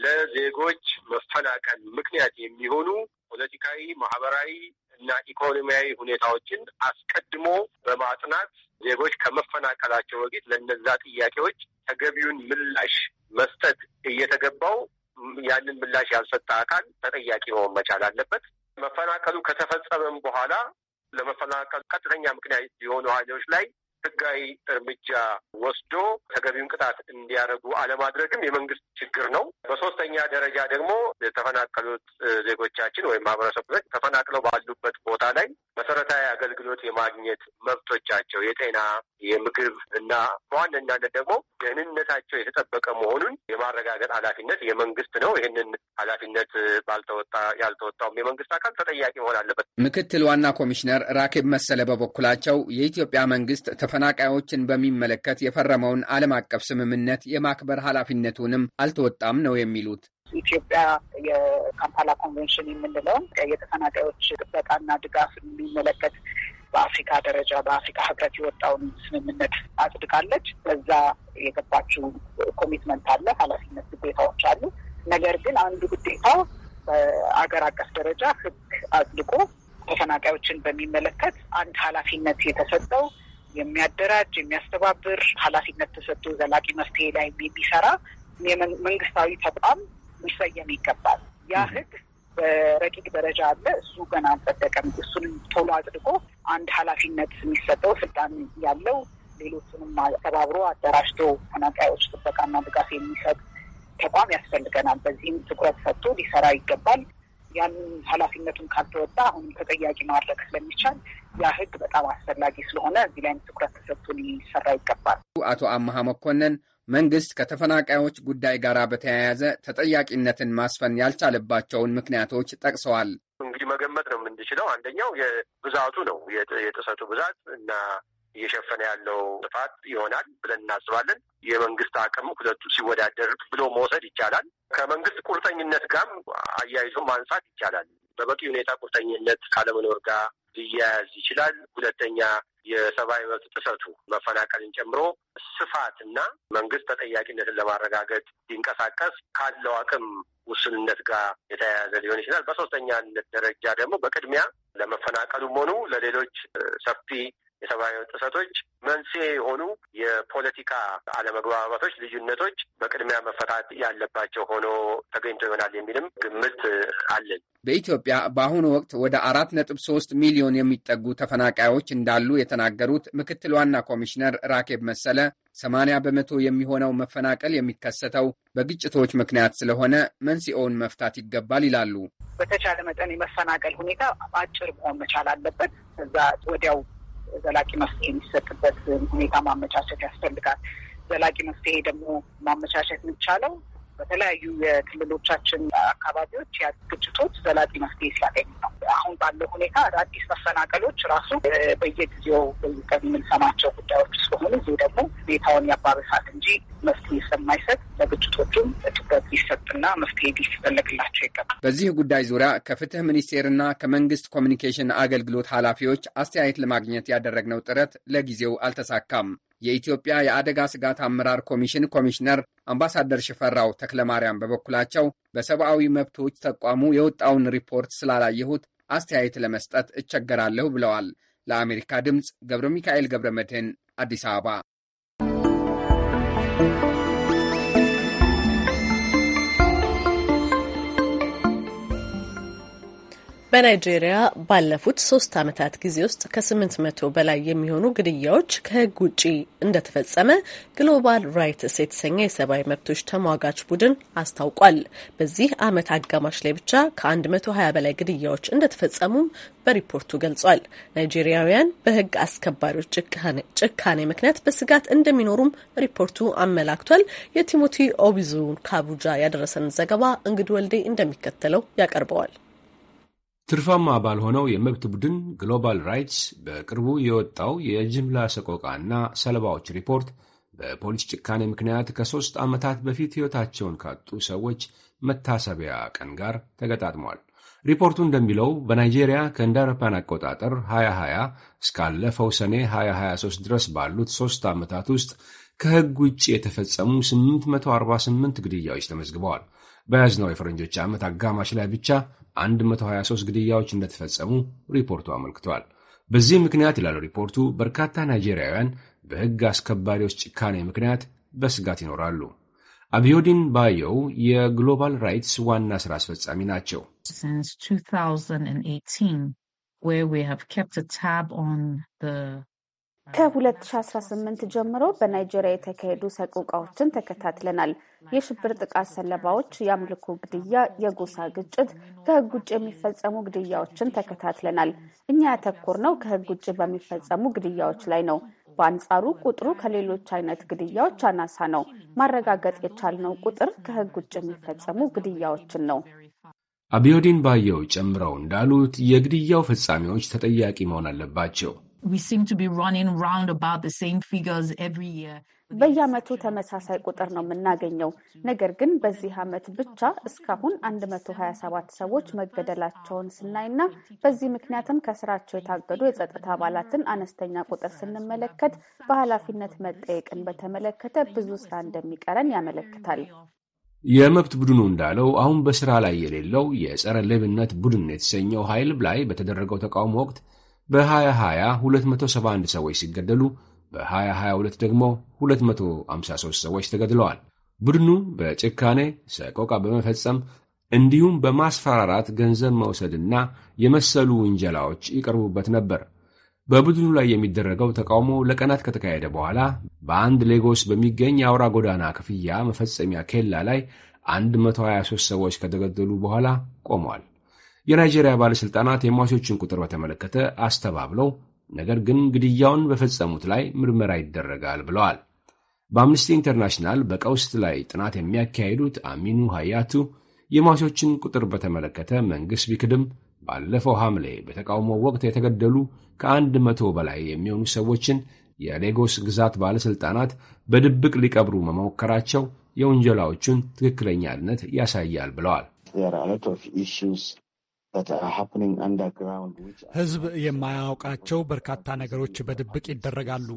Speaker 10: ለዜጎች መፈናቀል ምክንያት የሚሆኑ ፖለቲካዊ፣ ማህበራዊ እና ኢኮኖሚያዊ ሁኔታዎችን አስቀድሞ በማጥናት ዜጎች ከመፈናቀላቸው በፊት ለነዛ ጥያቄዎች ተገቢውን ምላሽ መስጠት እየተገባው ያንን ምላሽ ያልሰጠ አካል ተጠያቂ መሆን መቻል አለበት። መፈናቀሉ ከተፈጸመም በኋላ ለመፈናቀሉ ቀጥተኛ ምክንያት የሆኑ ኃይሎች ላይ ህጋዊ እርምጃ ወስዶ ተገቢውን ቅጣት እንዲያደርጉ አለማድረግም የመንግስት ችግር ነው። በሶስተኛ ደረጃ ደግሞ የተፈናቀሉት ዜጎቻችን ወይም ማህበረሰቦች ተፈናቅለው ባሉበት ቦታ ላይ መሰረታዊ አገልግሎት የማግኘት መብቶቻቸው የጤና፣ የምግብ እና በዋነኛነት ደግሞ ደህንነታቸው የተጠበቀ መሆኑን የማረጋገጥ ኃላፊነት የመንግስት
Speaker 2: ነው። ይህንን ኃላፊነት ባልተወጣ ያልተወጣውም የመንግስት አካል ተጠያቂ መሆን አለበት። ምክትል ዋና ኮሚሽነር ራኬብ መሰለ በበኩላቸው የኢትዮጵያ መንግስት ተፈናቃዮችን በሚመለከት የፈረመውን ዓለም አቀፍ ስምምነት የማክበር ኃላፊነቱንም አልተወጣም ነው የሚሉት።
Speaker 8: ኢትዮጵያ የካምፓላ ኮንቬንሽን የምንለውን የተፈናቃዮች ጥበቃና ድጋፍ የሚመለከት በአፍሪካ ደረጃ በአፍሪካ ህብረት የወጣውን ስምምነት አጽድቃለች። በዛ የገባችው ኮሚትመንት አለ፣ ኃላፊነት ግዴታዎች አሉ። ነገር ግን አንዱ ግዴታ በአገር አቀፍ ደረጃ ህግ አጽድቆ ተፈናቃዮችን በሚመለከት አንድ ኃላፊነት የተሰጠው የሚያደራጅ የሚያስተባብር ኃላፊነት ተሰጥቶ ዘላቂ መፍትሄ ላይ የሚሰራ መንግስታዊ ተቋም ሊሰየም ይገባል። ያ ህግ በረቂቅ ደረጃ አለ። እሱ ገና አልጸደቀም። እሱን ቶሎ አጽድቆ አንድ ኃላፊነት የሚሰጠው ስልጣን ያለው ሌሎቹንም አተባብሮ አደራጅቶ ተፈናቃዮች ጥበቃና ድጋፍ የሚሰጥ ተቋም ያስፈልገናል። በዚህም ትኩረት ሰጥቶ ሊሰራ ይገባል። ያንን ኃላፊነቱን ካልተወጣ አሁንም ተጠያቂ ማድረግ ስለሚቻል ያ ህግ በጣም አስፈላጊ ስለሆነ እዚህ ላይም ትኩረት ተሰጥቶ ሊሰራ ይገባል።
Speaker 2: አቶ አመሀ መኮንን መንግስት ከተፈናቃዮች ጉዳይ ጋር በተያያዘ ተጠያቂነትን ማስፈን ያልቻለባቸውን ምክንያቶች ጠቅሰዋል።
Speaker 10: እንግዲህ መገመት ነው የምንችለው አንደኛው የብዛቱ ነው የጥሰቱ ብዛት እና እየሸፈነ ያለው ጥፋት ይሆናል ብለን እናስባለን። የመንግስት አቅም ሁለቱ ሲወዳደር ብሎ መውሰድ ይቻላል። ከመንግስት ቁርጠኝነት ጋር አያይዞ ማንሳት ይቻላል። በበቂ ሁኔታ ቁርጠኝነት ካለመኖር ጋር ሊያያዝ ይችላል። ሁለተኛ የሰብአዊ መብት ጥሰቱ መፈናቀልን ጨምሮ ስፋትና መንግስት ተጠያቂነትን ለማረጋገጥ ሊንቀሳቀስ ካለው አቅም ውስንነት ጋር የተያያዘ ሊሆን ይችላል። በሶስተኛነት ደረጃ ደግሞ በቅድሚያ ለመፈናቀሉም ሆኑ ለሌሎች ሰፊ የሰብአዊ ጥሰቶች መንስኤ የሆኑ የፖለቲካ አለመግባባቶች፣ ልዩነቶች በቅድሚያ መፈታት ያለባቸው ሆኖ ተገኝቶ ይሆናል የሚልም ግምት
Speaker 2: አለን። በኢትዮጵያ በአሁኑ ወቅት ወደ አራት ነጥብ ሶስት ሚሊዮን የሚጠጉ ተፈናቃዮች እንዳሉ የተናገሩት ምክትል ዋና ኮሚሽነር ራኬብ መሰለ ሰማንያ በመቶ የሚሆነው መፈናቀል የሚከሰተው በግጭቶች ምክንያት ስለሆነ መንስኤውን መፍታት ይገባል ይላሉ።
Speaker 8: በተቻለ መጠን የመፈናቀል ሁኔታ አጭር መሆን መቻል አለበት። እዛ ወዲያው ዘላቂ መፍትሄ የሚሰጥበት ሁኔታ ማመቻቸት ያስፈልጋል። ዘላቂ መፍትሄ ደግሞ ማመቻቸት የሚቻለው በተለያዩ የክልሎቻችን አካባቢዎች ያ ግጭቶች ዘላቂ መፍትሄ ሲያገኝ ነው። አሁን ባለው ሁኔታ አዳዲስ መፈናቀሎች ራሱ በየጊዜው ከምንሰማቸው ጉዳዮች ስለሆኑ ይህ ደግሞ ሁኔታውን ያባበሳል እንጂ መፍትሄ ስለማይሰጥ ለግጭቶቹም ትኩረት ሊሰጥና መፍትሄ ሊፈለግላቸው
Speaker 2: ይገባል። በዚህ ጉዳይ ዙሪያ ከፍትህ ሚኒስቴርና ከመንግስት ኮሚኒኬሽን አገልግሎት ኃላፊዎች አስተያየት ለማግኘት ያደረግነው ጥረት ለጊዜው አልተሳካም። የኢትዮጵያ የአደጋ ስጋት አመራር ኮሚሽን ኮሚሽነር አምባሳደር ሽፈራው ማርያም በበኩላቸው በሰብአዊ መብቶች ተቋሙ የወጣውን ሪፖርት ስላላየሁት አስተያየት ለመስጠት እቸገራለሁ ብለዋል። ለአሜሪካ ድምፅ ገብረ ሚካኤል ገብረ መድህን አዲስ አበባ
Speaker 1: በናይጄሪያ ባለፉት ሶስት ዓመታት ጊዜ ውስጥ ከስምንት መቶ በላይ የሚሆኑ ግድያዎች ከህግ ውጪ እንደተፈጸመ ግሎባል ራይትስ የተሰኘ የሰብአዊ መብቶች ተሟጋች ቡድን አስታውቋል። በዚህ ዓመት አጋማሽ ላይ ብቻ ከ120 በላይ ግድያዎች እንደተፈጸሙም በሪፖርቱ ገልጿል። ናይጄሪያውያን በህግ አስከባሪዎች ጭካኔ ምክንያት በስጋት እንደሚኖሩም ሪፖርቱ አመላክቷል። የቲሞቲ ኦቢዙ ካቡጃ ያደረሰን ዘገባ እንግድ ወልዴ እንደሚከተለው ያቀርበዋል።
Speaker 11: ትርፋማ ባልሆነው የመብት ቡድን ግሎባል ራይትስ በቅርቡ የወጣው የጅምላ ሰቆቃ ሰለባዎች ሪፖርት በፖሊስ ጭካኔ ምክንያት ከሦስት ዓመታት በፊት ሕይወታቸውን ካጡ ሰዎች መታሰቢያ ቀን ጋር ተገጣጥሟል። ሪፖርቱ እንደሚለው በናይጄሪያ ከእንደ አውሮፓውያን አቆጣጠር 2020 እስካለፈው ሰኔ 2023 ድረስ ባሉት ሦስት ዓመታት ውስጥ ከሕግ ውጭ የተፈጸሙ 848 ግድያዎች ተመዝግበዋል። በያዝነው የፈረንጆች ዓመት አጋማሽ ላይ ብቻ 123 ግድያዎች እንደተፈጸሙ ሪፖርቱ አመልክቷል። በዚህ ምክንያት ይላል ሪፖርቱ፣ በርካታ ናይጄሪያውያን በሕግ አስከባሪዎች ጭካኔ ምክንያት በስጋት ይኖራሉ። አብዮዲን ባየው የግሎባል ራይትስ ዋና ስራ አስፈጻሚ ናቸው።
Speaker 6: ከ2018 ጀምሮ በናይጄሪያ የተካሄዱ ሰቆቃዎችን ተከታትለናል። የሽብር ጥቃት ሰለባዎች፣ የአምልኮ ግድያ፣ የጎሳ ግጭት፣ ከህግ ውጭ የሚፈጸሙ ግድያዎችን ተከታትለናል። እኛ ያተኮርነው ከህግ ውጭ በሚፈጸሙ ግድያዎች ላይ ነው። በአንጻሩ ቁጥሩ ከሌሎች አይነት ግድያዎች አናሳ ነው። ማረጋገጥ የቻልነው ቁጥር ከህግ ውጭ የሚፈጸሙ ግድያዎችን ነው።
Speaker 11: አብዮዲን ባየው ጨምረው እንዳሉት የግድያው ፍጻሜዎች ተጠያቂ መሆን አለባቸው።
Speaker 6: በየአመቱ ተመሳሳይ ቁጥር ነው የምናገኘው። ነገር ግን በዚህ አመት ብቻ እስካሁን 127 ሰዎች መገደላቸውን ስናይና በዚህ ምክንያትም ከስራቸው የታገዱ የጸጥታ አባላትን አነስተኛ ቁጥር ስንመለከት በኃላፊነት መጠየቅን በተመለከተ ብዙ ስራ እንደሚቀረን ያመለክታል።
Speaker 11: የመብት ቡድኑ እንዳለው አሁን በስራ ላይ የሌለው የጸረ ሌብነት ቡድን የተሰኘው ኃይል ላይ በተደረገው ተቃውሞ ወቅት በ2020 271 ሰዎች ሲገደሉ በ2022 ደግሞ 253 ሰዎች ተገድለዋል። ቡድኑ በጭካኔ ሰቆቃ በመፈጸም እንዲሁም በማስፈራራት ገንዘብ መውሰድና የመሰሉ ውንጀላዎች ይቀርቡበት ነበር። በቡድኑ ላይ የሚደረገው ተቃውሞ ለቀናት ከተካሄደ በኋላ በአንድ ሌጎስ በሚገኝ የአውራ ጎዳና ክፍያ መፈጸሚያ ኬላ ላይ 123 ሰዎች ከተገደሉ በኋላ ቆሟል። የናይጄሪያ ባለሥልጣናት የሟቾችን ቁጥር በተመለከተ አስተባብለው፣ ነገር ግን ግድያውን በፈጸሙት ላይ ምርመራ ይደረጋል ብለዋል። በአምነስቲ ኢንተርናሽናል በቀውስት ላይ ጥናት የሚያካሂዱት አሚኑ ሀያቱ የሟቾችን ቁጥር በተመለከተ መንግሥት ቢክድም ባለፈው ሐምሌ በተቃውሞ ወቅት የተገደሉ ከአንድ መቶ በላይ የሚሆኑ ሰዎችን የሌጎስ ግዛት ባለሥልጣናት በድብቅ ሊቀብሩ መሞከራቸው የውንጀላዎቹን ትክክለኛነት ያሳያል ብለዋል።
Speaker 12: ህዝብ የማያውቃቸው በርካታ ነገሮች በድብቅ ይደረጋሉ።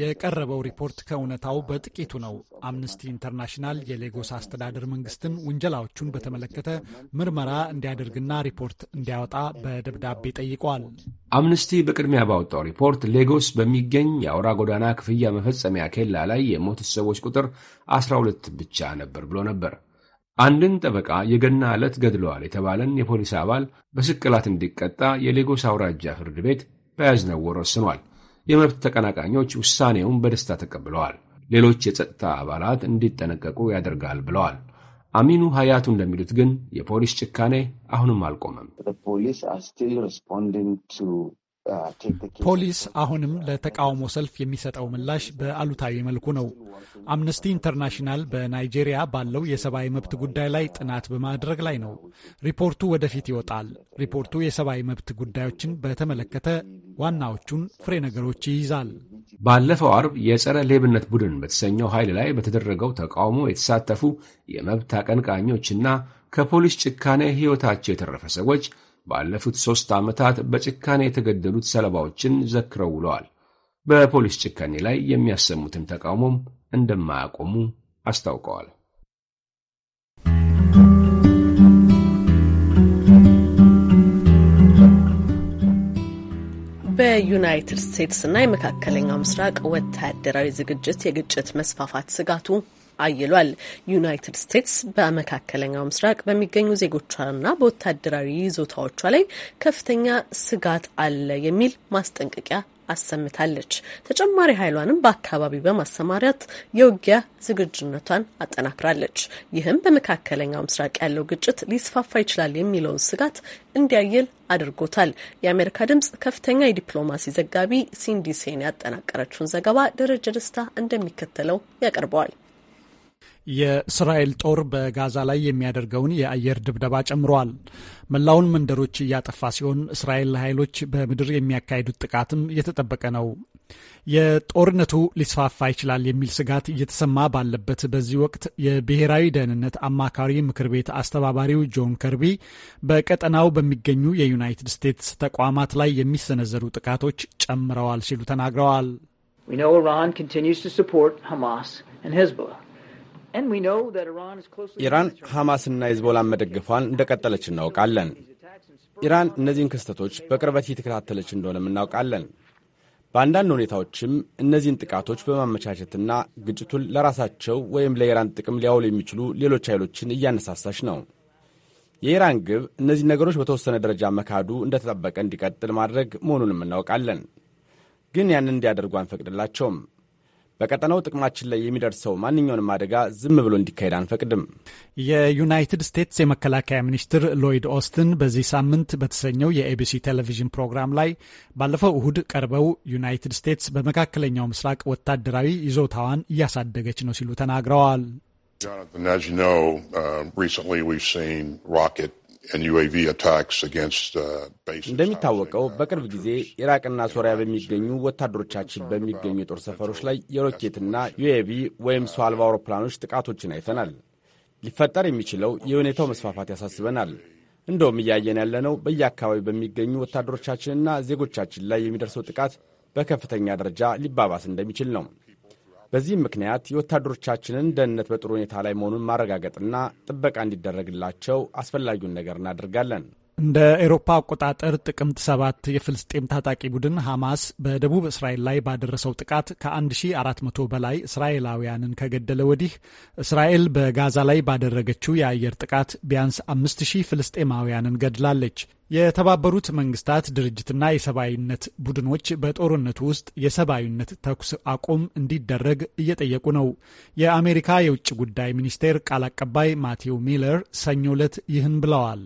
Speaker 12: የቀረበው ሪፖርት ከእውነታው በጥቂቱ ነው። አምነስቲ ኢንተርናሽናል የሌጎስ አስተዳደር መንግስትን ውንጀላዎቹን በተመለከተ ምርመራ እንዲያደርግና ሪፖርት እንዲያወጣ በደብዳቤ ጠይቋል።
Speaker 11: አምነስቲ በቅድሚያ ባወጣው ሪፖርት ሌጎስ በሚገኝ የአውራ ጎዳና ክፍያ መፈጸሚያ ኬላ ላይ የሞቱት ሰዎች ቁጥር 12 ብቻ ነበር ብሎ ነበር። አንድን ጠበቃ የገና ዕለት ገድለዋል የተባለን የፖሊስ አባል በስቅላት እንዲቀጣ የሌጎስ አውራጃ ፍርድ ቤት በያዝነው ወር ወስኗል። የመብት ተቀናቃኞች ውሳኔውን በደስታ ተቀብለዋል። ሌሎች የጸጥታ አባላት እንዲጠነቀቁ ያደርጋል ብለዋል። አሚኑ ሀያቱ እንደሚሉት ግን የፖሊስ ጭካኔ አሁንም አልቆመም። ፖሊስ
Speaker 12: አሁንም ለተቃውሞ ሰልፍ የሚሰጠው ምላሽ በአሉታዊ መልኩ ነው። አምነስቲ ኢንተርናሽናል በናይጄሪያ ባለው የሰብአዊ መብት ጉዳይ ላይ ጥናት በማድረግ ላይ ነው። ሪፖርቱ ወደፊት ይወጣል። ሪፖርቱ የሰብአዊ መብት ጉዳዮችን በተመለከተ ዋናዎቹን ፍሬ ነገሮች ይይዛል።
Speaker 11: ባለፈው አርብ የጸረ ሌብነት ቡድን በተሰኘው ኃይል ላይ በተደረገው ተቃውሞ የተሳተፉ የመብት አቀንቃኞችና ከፖሊስ ጭካኔ ሕይወታቸው የተረፈ ሰዎች ባለፉት ሦስት ዓመታት በጭካኔ የተገደሉት ሰለባዎችን ዘክረው ውለዋል። በፖሊስ ጭካኔ ላይ የሚያሰሙትን ተቃውሞም እንደማያቆሙ አስታውቀዋል።
Speaker 1: በዩናይትድ ስቴትስ እና የመካከለኛው ምስራቅ ወታደራዊ ዝግጅት የግጭት መስፋፋት ስጋቱ አይሏል። ዩናይትድ ስቴትስ በመካከለኛው ምስራቅ በሚገኙ ዜጎቿና በወታደራዊ ይዞታዎቿ ላይ ከፍተኛ ስጋት አለ የሚል ማስጠንቀቂያ አሰምታለች። ተጨማሪ ኃይሏንም በአካባቢ በማሰማራት የውጊያ ዝግጁነቷን አጠናክራለች። ይህም በመካከለኛው ምስራቅ ያለው ግጭት ሊስፋፋ ይችላል የሚለውን ስጋት እንዲያየል አድርጎታል። የአሜሪካ ድምጽ ከፍተኛ የዲፕሎማሲ ዘጋቢ ሲንዲ ሴን ያጠናቀረችውን ዘገባ ደረጀ ደስታ እንደሚከተለው ያቀርበዋል።
Speaker 12: የእስራኤል ጦር በጋዛ ላይ የሚያደርገውን የአየር ድብደባ ጨምረዋል። መላውን መንደሮች እያጠፋ ሲሆን እስራኤል ኃይሎች በምድር የሚያካሂዱት ጥቃትም እየተጠበቀ ነው። የጦርነቱ ሊስፋፋ ይችላል የሚል ስጋት እየተሰማ ባለበት በዚህ ወቅት የብሔራዊ ደህንነት አማካሪ ምክር ቤት አስተባባሪው ጆን ከርቢ በቀጠናው በሚገኙ የዩናይትድ ስቴትስ ተቋማት ላይ የሚሰነዘሩ ጥቃቶች ጨምረዋል ሲሉ ተናግረዋል።
Speaker 8: We ሃማስ
Speaker 13: ። ኢራን ሐማስና ሂዝቦላን መደገፏን እንደቀጠለች እናውቃለን። ኢራን እነዚህን ክስተቶች በቅርበት እየተከታተለች እንደሆነም እናውቃለን። በአንዳንድ ሁኔታዎችም እነዚህን ጥቃቶች በማመቻቸትና ግጭቱን ለራሳቸው ወይም ለኢራን ጥቅም ሊያውሉ የሚችሉ ሌሎች ኃይሎችን እያነሳሳች ነው። የኢራን ግብ እነዚህ ነገሮች በተወሰነ ደረጃ መካዱ እንደተጠበቀ እንዲቀጥል ማድረግ መሆኑንም እናውቃለን። ግን ያንን እንዲያደርጉ አንፈቅድላቸውም። በቀጠናው ጥቅማችን ላይ የሚደርሰው ማንኛውንም አደጋ ዝም ብሎ እንዲካሄድ አንፈቅድም።
Speaker 12: የዩናይትድ ስቴትስ የመከላከያ ሚኒስትር ሎይድ ኦስትን በዚህ ሳምንት በተሰኘው የኤቢሲ ቴሌቪዥን ፕሮግራም ላይ ባለፈው እሁድ ቀርበው ዩናይትድ ስቴትስ በመካከለኛው ምስራቅ ወታደራዊ ይዞታዋን እያሳደገች ነው ሲሉ ተናግረዋል። Uh, እንደሚታወቀው በቅርብ ጊዜ
Speaker 13: ኢራቅና ሶሪያ በሚገኙ ወታደሮቻችን በሚገኙ የጦር ሰፈሮች ላይ የሮኬትና ዩኤቪ ወይም ሰው አልባ አውሮፕላኖች ጥቃቶችን አይተናል። ሊፈጠር የሚችለው የሁኔታው መስፋፋት ያሳስበናል። እንደውም እያየን ያለነው በየአካባቢ በሚገኙ ወታደሮቻችንና ዜጎቻችን ላይ የሚደርሰው ጥቃት በከፍተኛ ደረጃ ሊባባስ እንደሚችል ነው። በዚህም ምክንያት የወታደሮቻችንን ደህንነት በጥሩ ሁኔታ ላይ መሆኑን ማረጋገጥና ጥበቃ እንዲደረግላቸው አስፈላጊውን ነገር እናደርጋለን።
Speaker 12: እንደ ኤሮፓ አቆጣጠር ጥቅምት ሰባት የፍልስጤም ታጣቂ ቡድን ሐማስ በደቡብ እስራኤል ላይ ባደረሰው ጥቃት ከ1400 በላይ እስራኤላውያንን ከገደለ ወዲህ እስራኤል በጋዛ ላይ ባደረገችው የአየር ጥቃት ቢያንስ 5000 ፍልስጤማውያንን ገድላለች። የተባበሩት መንግስታት ድርጅትና የሰብአዊነት ቡድኖች በጦርነቱ ውስጥ የሰብአዊነት ተኩስ አቁም እንዲደረግ እየጠየቁ ነው። የአሜሪካ የውጭ ጉዳይ ሚኒስቴር ቃል አቀባይ ማቴው ሚለር ሰኞ ዕለት ይህን ብለዋል።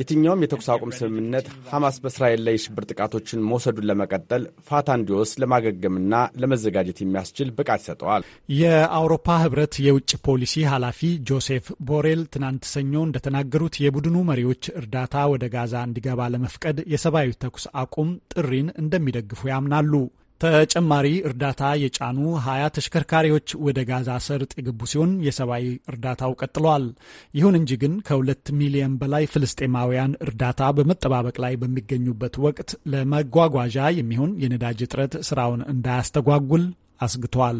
Speaker 13: የትኛውም የተኩስ አቁም ስምምነት ሐማስ በእስራኤል ላይ የሽብር ጥቃቶችን መውሰዱን ለመቀጠል ፋታ እንዲወስድ ለማገገምና ለመዘጋጀት የሚያስችል ብቃት ይሰጠዋል።
Speaker 12: የአውሮፓ ሕብረት የውጭ ፖሊሲ ኃላፊ ጆሴፍ ቦሬል ትናንት ሰኞ እንደተናገሩት የቡድኑ መሪዎች እርዳታ ወደ ጋዛ እንዲገባ ለመፍቀድ የሰብአዊ ተኩስ አቁም ጥሪን እንደሚደግፉ ያምናሉ። ተጨማሪ እርዳታ የጫኑ ሀያ ተሽከርካሪዎች ወደ ጋዛ ሰርጥ የገቡ ሲሆን የሰብአዊ እርዳታው ቀጥሏል። ይሁን እንጂ ግን ከሁለት ሚሊዮን በላይ ፍልስጤማውያን እርዳታ በመጠባበቅ ላይ በሚገኙበት ወቅት ለመጓጓዣ የሚሆን የነዳጅ እጥረት ስራውን እንዳያስተጓጉል አስግቷል።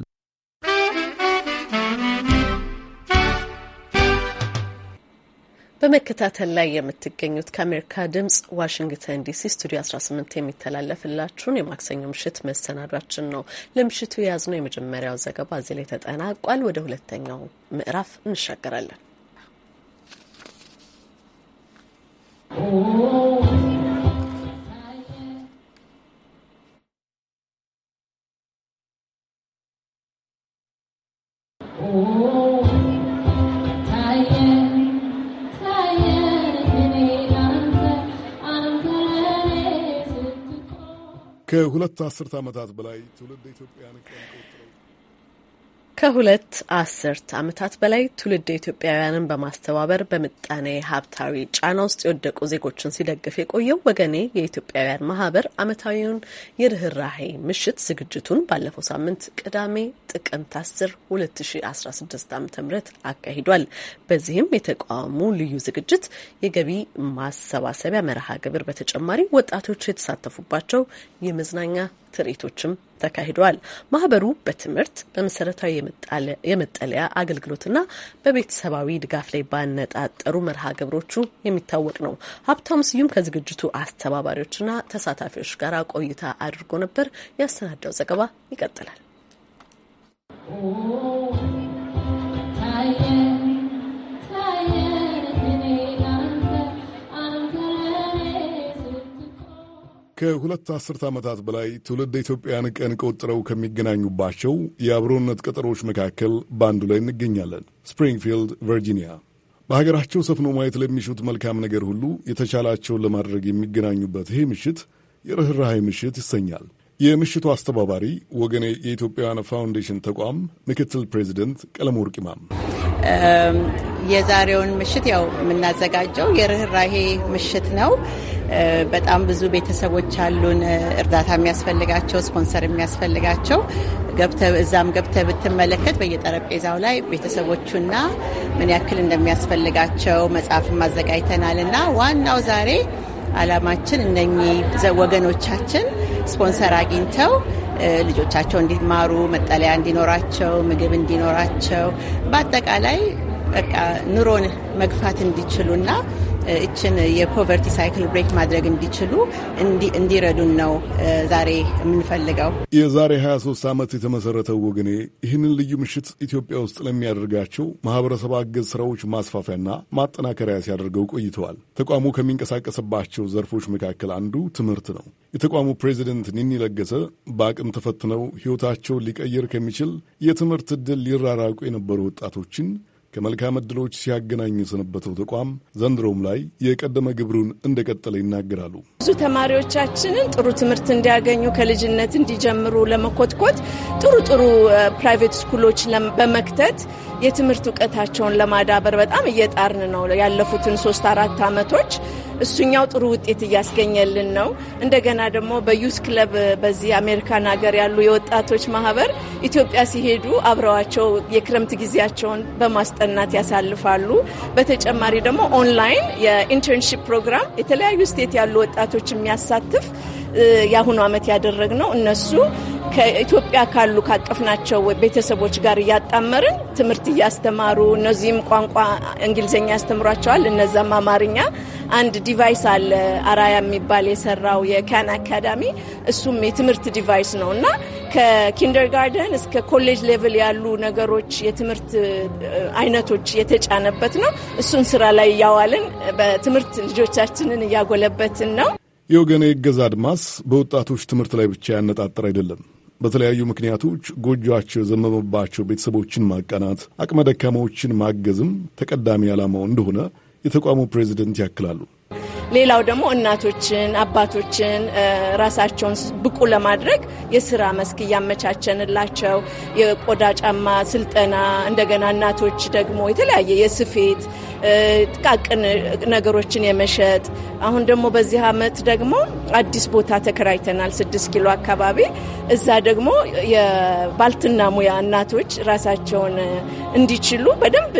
Speaker 1: በመከታተል ላይ የምትገኙት ከአሜሪካ ድምጽ ዋሽንግተን ዲሲ ስቱዲዮ 18 የሚተላለፍላችሁን የማክሰኞ ምሽት መሰናዷችን ነው። ለምሽቱ የያዝነው የመጀመሪያው ዘገባ እዚህ ላይ ተጠናቋል። ወደ ሁለተኛው ምዕራፍ እንሻገራለን።
Speaker 14: ከሁለት አስርት ዓመታት በላይ ትውልድ ኢትዮጵያን ቋንቋ ከሁለት
Speaker 1: አስርት ዓመታት በላይ ትውልድ ኢትዮጵያውያንን በማስተባበር በምጣኔ ሀብታዊ ጫና ውስጥ የወደቁ ዜጎችን ሲደግፍ የቆየው ወገኔ የኢትዮጵያውያን ማህበር ዓመታዊውን የርኅራሄ ምሽት ዝግጅቱን ባለፈው ሳምንት ቅዳሜ ጥቅምት 10 2016 ዓ ም አካሂዷል። በዚህም የተቋሙ ልዩ ዝግጅት የገቢ ማሰባሰቢያ መርሃ ግብር በተጨማሪ ወጣቶች የተሳተፉባቸው የመዝናኛ ትርኢቶችም ተካሂደዋል። ማህበሩ በትምህርት በመሰረታዊ የመጠለያ አገልግሎትና በቤተሰባዊ ድጋፍ ላይ ባነጣጠሩ መርሃ ግብሮቹ የሚታወቅ ነው። ሀብታም ስዩም ከዝግጅቱ አስተባባሪዎችና ተሳታፊዎች ጋር ቆይታ አድርጎ ነበር። ያሰናዳው ዘገባ ይቀጥላል።
Speaker 8: oh,
Speaker 14: ከሁለት አስርት ዓመታት በላይ ትውልድ ኢትዮጵያን ቀን ቆጥረው ከሚገናኙባቸው የአብሮነት ቀጠሮች መካከል በአንዱ ላይ እንገኛለን። ስፕሪንግፊልድ ቨርጂኒያ። በሀገራቸው ሰፍኖ ማየት ለሚሹት መልካም ነገር ሁሉ የተቻላቸውን ለማድረግ የሚገናኙበት ይህ ምሽት የርኅራሃይ ምሽት ይሰኛል። የምሽቱ አስተባባሪ ወገኔ የኢትዮጵያን ፋውንዴሽን ተቋም ምክትል ፕሬዚደንት ቀለም ወርቅ ማም
Speaker 15: የዛሬውን ምሽት ያው የምናዘጋጀው የርኅራሄ ምሽት ነው። በጣም ብዙ ቤተሰቦች አሉን፣ እርዳታ የሚያስፈልጋቸው ስፖንሰር የሚያስፈልጋቸው እዛም ገብተህ ብትመለከት በየጠረጴዛው ላይ ቤተሰቦቹና ምን ያክል እንደሚያስፈልጋቸው መጽሐፍም አዘጋጅተናል እና ዋናው ዛሬ አላማችን እነኚህ ወገኖቻችን ስፖንሰር አግኝተው ልጆቻቸው እንዲማሩ፣ መጠለያ እንዲኖራቸው፣ ምግብ እንዲኖራቸው በአጠቃላይ በቃ ኑሮን መግፋት እንዲችሉና እችን የፖቨርቲ ሳይክል ብሬክ ማድረግ እንዲችሉ እንዲረዱን ነው ዛሬ የምንፈልገው።
Speaker 14: የዛሬ 23 ዓመት የተመሰረተው ወገኔ ይህንን ልዩ ምሽት ኢትዮጵያ ውስጥ ለሚያደርጋቸው ማህበረሰብ አገዝ ስራዎች ማስፋፊያና ማጠናከሪያ ሲያደርገው ቆይተዋል። ተቋሙ ከሚንቀሳቀስባቸው ዘርፎች መካከል አንዱ ትምህርት ነው። የተቋሙ ፕሬዚደንት ኒኒ ለገሰ በአቅም ተፈትነው ሕይወታቸውን ሊቀይር ከሚችል የትምህርት ዕድል ሊራራቁ የነበሩ ወጣቶችን ከመልካም ዕድሎች ሲያገናኝ የሰነበተው ተቋም ዘንድሮም ላይ የቀደመ ግብሩን እንደቀጠለ ይናገራሉ።
Speaker 16: ብዙ ተማሪዎቻችንን ጥሩ ትምህርት እንዲያገኙ ከልጅነት እንዲጀምሩ ለመኮትኮት ጥሩ ጥሩ ፕራይቬት ስኩሎች በመክተት የትምህርት እውቀታቸውን ለማዳበር በጣም እየጣርን ነው ያለፉትን ሶስት አራት ዓመቶች እሱኛው ጥሩ ውጤት እያስገኘልን ነው። እንደገና ደግሞ በዩስ ክለብ በዚህ አሜሪካን ሀገር ያሉ የወጣቶች ማህበር ኢትዮጵያ ሲሄዱ አብረዋቸው የክረምት ጊዜያቸውን በማስጠናት ያሳልፋሉ። በተጨማሪ ደግሞ ኦንላይን የኢንተርንሺፕ ፕሮግራም የተለያዩ ስቴት ያሉ ወጣቶች የሚያሳትፍ የአሁኑ ዓመት ነው እነሱ ከኢትዮጵያ ካሉ ካቀፍናቸው ቤተሰቦች ጋር እያጣመርን ትምህርት እያስተማሩ እነዚህም ቋንቋ እንግሊዝኛ ያስተምሯቸዋል፣ እነዛም አማርኛ። አንድ ዲቫይስ አለ አራያ የሚባል የሰራው የካን አካዳሚ፣ እሱም የትምህርት ዲቫይስ ነው እና ከኪንደርጋርደን እስከ ኮሌጅ ሌቭል ያሉ ነገሮች የትምህርት አይነቶች የተጫነበት ነው። እሱን ስራ ላይ እያዋልን በትምህርት ልጆቻችንን እያጎለበትን ነው።
Speaker 14: የወገን የእገዛ አድማስ በወጣቶች ትምህርት ላይ ብቻ ያነጣጠር አይደለም። በተለያዩ ምክንያቶች ጎጆቸው የዘመመባቸው ቤተሰቦችን ማቀናት፣ አቅመ ደካማዎችን ማገዝም ተቀዳሚ ዓላማው እንደሆነ የተቋሙ ፕሬዚደንት ያክላሉ።
Speaker 16: ሌላው ደግሞ እናቶችን፣ አባቶችን ራሳቸውን ብቁ ለማድረግ የስራ መስክ እያመቻቸንላቸው የቆዳ ጫማ ስልጠና፣ እንደገና እናቶች ደግሞ የተለያየ የስፌት ጥቃቅን ነገሮችን የመሸጥ አሁን ደግሞ በዚህ አመት ደግሞ አዲስ ቦታ ተከራይተናል፣ ስድስት ኪሎ አካባቢ። እዛ ደግሞ የባልትና ሙያ እናቶች ራሳቸውን እንዲችሉ በደንብ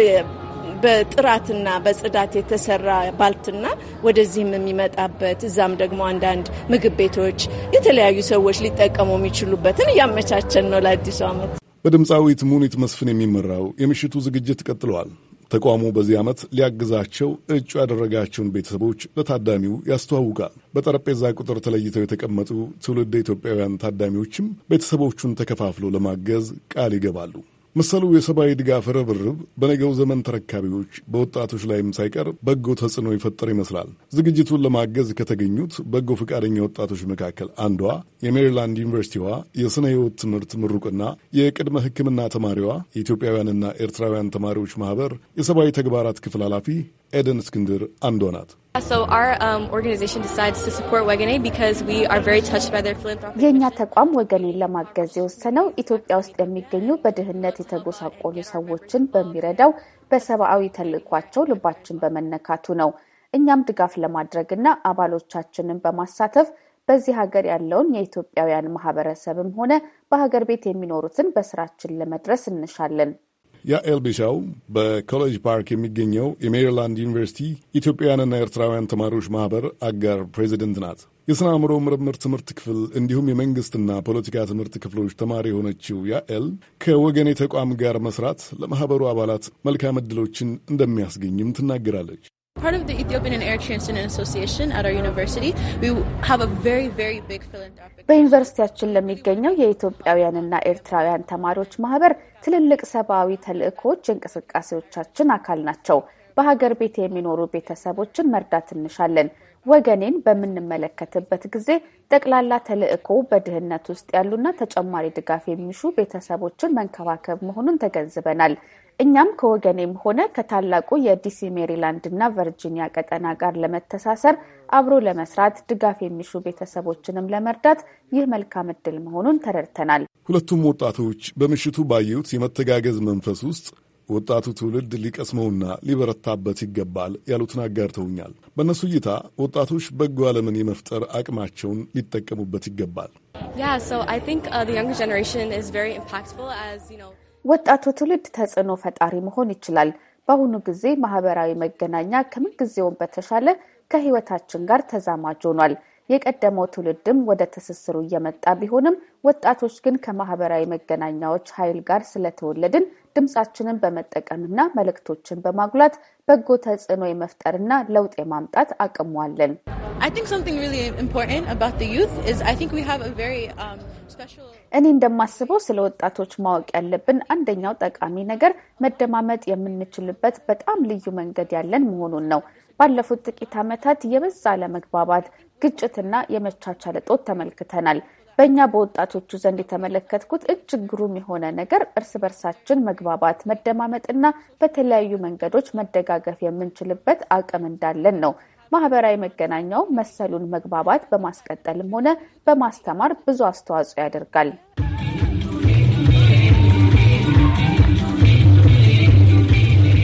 Speaker 16: በጥራትና በጽዳት የተሰራ ባልትና ወደዚህም የሚመጣበት እዛም ደግሞ አንዳንድ ምግብ ቤቶች የተለያዩ ሰዎች ሊጠቀሙ የሚችሉበትን እያመቻቸን ነው ለአዲሱ አመት
Speaker 14: በድምፃዊት ሙኒት መስፍን የሚመራው የምሽቱ ዝግጅት ቀጥለዋል። ተቋሙ በዚህ ዓመት ሊያግዛቸው እጩ ያደረጋቸውን ቤተሰቦች ለታዳሚው ያስተዋውቃል። በጠረጴዛ ቁጥር ተለይተው የተቀመጡ ትውልድ ኢትዮጵያውያን ታዳሚዎችም ቤተሰቦቹን ተከፋፍሎ ለማገዝ ቃል ይገባሉ። መሰሉ የሰብአዊ ድጋፍ ርብርብ በነገው ዘመን ተረካቢዎች በወጣቶች ላይም ሳይቀር በጎ ተጽዕኖ ይፈጠር ይመስላል። ዝግጅቱን ለማገዝ ከተገኙት በጎ ፈቃደኛ ወጣቶች መካከል አንዷ የሜሪላንድ ዩኒቨርሲቲዋ የሥነ ሕይወት ትምህርት ምሩቅና የቅድመ ሕክምና ተማሪዋ የኢትዮጵያውያንና ኤርትራውያን ተማሪዎች ማኅበር የሰብአዊ ተግባራት ክፍል ኃላፊ ኤደን እስክንድር አንዷ ናት።
Speaker 10: um,
Speaker 6: የእኛ ተቋም ወገኔን ለማገዝ የወሰነው ኢትዮጵያ ውስጥ የሚገኙ በድህነት የተጎሳቆሉ ሰዎችን በሚረዳው በሰብአዊ ተልእኳቸው ልባችን በመነካቱ ነው። እኛም ድጋፍ ለማድረግ እና አባሎቻችንን በማሳተፍ በዚህ ሀገር ያለውን የኢትዮጵያውያን ማህበረሰብም ሆነ በሀገር ቤት የሚኖሩትን በስራችን ለመድረስ እንሻለን።
Speaker 14: ያኤል ቢሻው በኮሌጅ ፓርክ የሚገኘው የሜሪላንድ ዩኒቨርሲቲ ኢትዮጵያውያንና ኤርትራውያን ተማሪዎች ማህበር አጋር ፕሬዚደንት ናት። የሥነ አእምሮ ምርምር ትምህርት ክፍል እንዲሁም የመንግሥትና ፖለቲካ ትምህርት ክፍሎች ተማሪ የሆነችው ያኤል ከወገኔ ተቋም ጋር መስራት ለማኅበሩ አባላት መልካም ዕድሎችን እንደሚያስገኝም ትናገራለች።
Speaker 6: በዩኒቨርሲቲያችን ለሚገኘው የኢትዮጵያውያንና ኤርትራውያን ተማሪዎች ማህበር ትልልቅ ሰብአዊ ተልእኮዎች የእንቅስቃሴዎቻችን አካል ናቸው። በሀገር ቤት የሚኖሩ ቤተሰቦችን መርዳት እንሻለን። ወገኔን በምንመለከትበት ጊዜ ጠቅላላ ተልእኮ በድህነት ውስጥ ያሉና ተጨማሪ ድጋፍ የሚሹ ቤተሰቦችን መንከባከብ መሆኑን ተገንዝበናል። እኛም ከወገኔም ሆነ ከታላቁ የዲሲ ሜሪላንድ እና ቨርጂኒያ ቀጠና ጋር ለመተሳሰር አብሮ ለመስራት ድጋፍ የሚሹ ቤተሰቦችንም ለመርዳት ይህ መልካም እድል መሆኑን ተረድተናል።
Speaker 14: ሁለቱም ወጣቶች በምሽቱ ባየሁት የመተጋገዝ መንፈስ ውስጥ ወጣቱ ትውልድ ሊቀስመውና ሊበረታበት ይገባል ያሉትን አጋርተውኛል። በእነሱ እይታ ወጣቶች በጎ ዓለምን የመፍጠር አቅማቸውን ሊጠቀሙበት ይገባል።
Speaker 6: ወጣቱ ትውልድ ተጽዕኖ ፈጣሪ መሆን ይችላል። በአሁኑ ጊዜ ማህበራዊ መገናኛ ከምንጊዜውም በተሻለ ከህይወታችን ጋር ተዛማጅ ሆኗል። የቀደመው ትውልድም ወደ ትስስሩ እየመጣ ቢሆንም ወጣቶች ግን ከማህበራዊ መገናኛዎች ኃይል ጋር ስለተወለድን ድምፃችንን በመጠቀምና መልእክቶችን በማጉላት በጎ ተጽዕኖ የመፍጠርና ለውጥ የማምጣት አቅሙ አለን። እኔ እንደማስበው ስለ ወጣቶች ማወቅ ያለብን አንደኛው ጠቃሚ ነገር መደማመጥ የምንችልበት በጣም ልዩ መንገድ ያለን መሆኑን ነው። ባለፉት ጥቂት ዓመታት የበዛ ለመግባባት ግጭትና የመቻቻል እጦት ተመልክተናል። በእኛ በወጣቶቹ ዘንድ የተመለከትኩት እጅግ ግሩም የሆነ ነገር እርስ በርሳችን መግባባት፣ መደማመጥና በተለያዩ መንገዶች መደጋገፍ የምንችልበት አቅም እንዳለን ነው። ማህበራዊ መገናኛው መሰሉን መግባባት በማስቀጠልም ሆነ በማስተማር ብዙ አስተዋጽኦ ያደርጋል።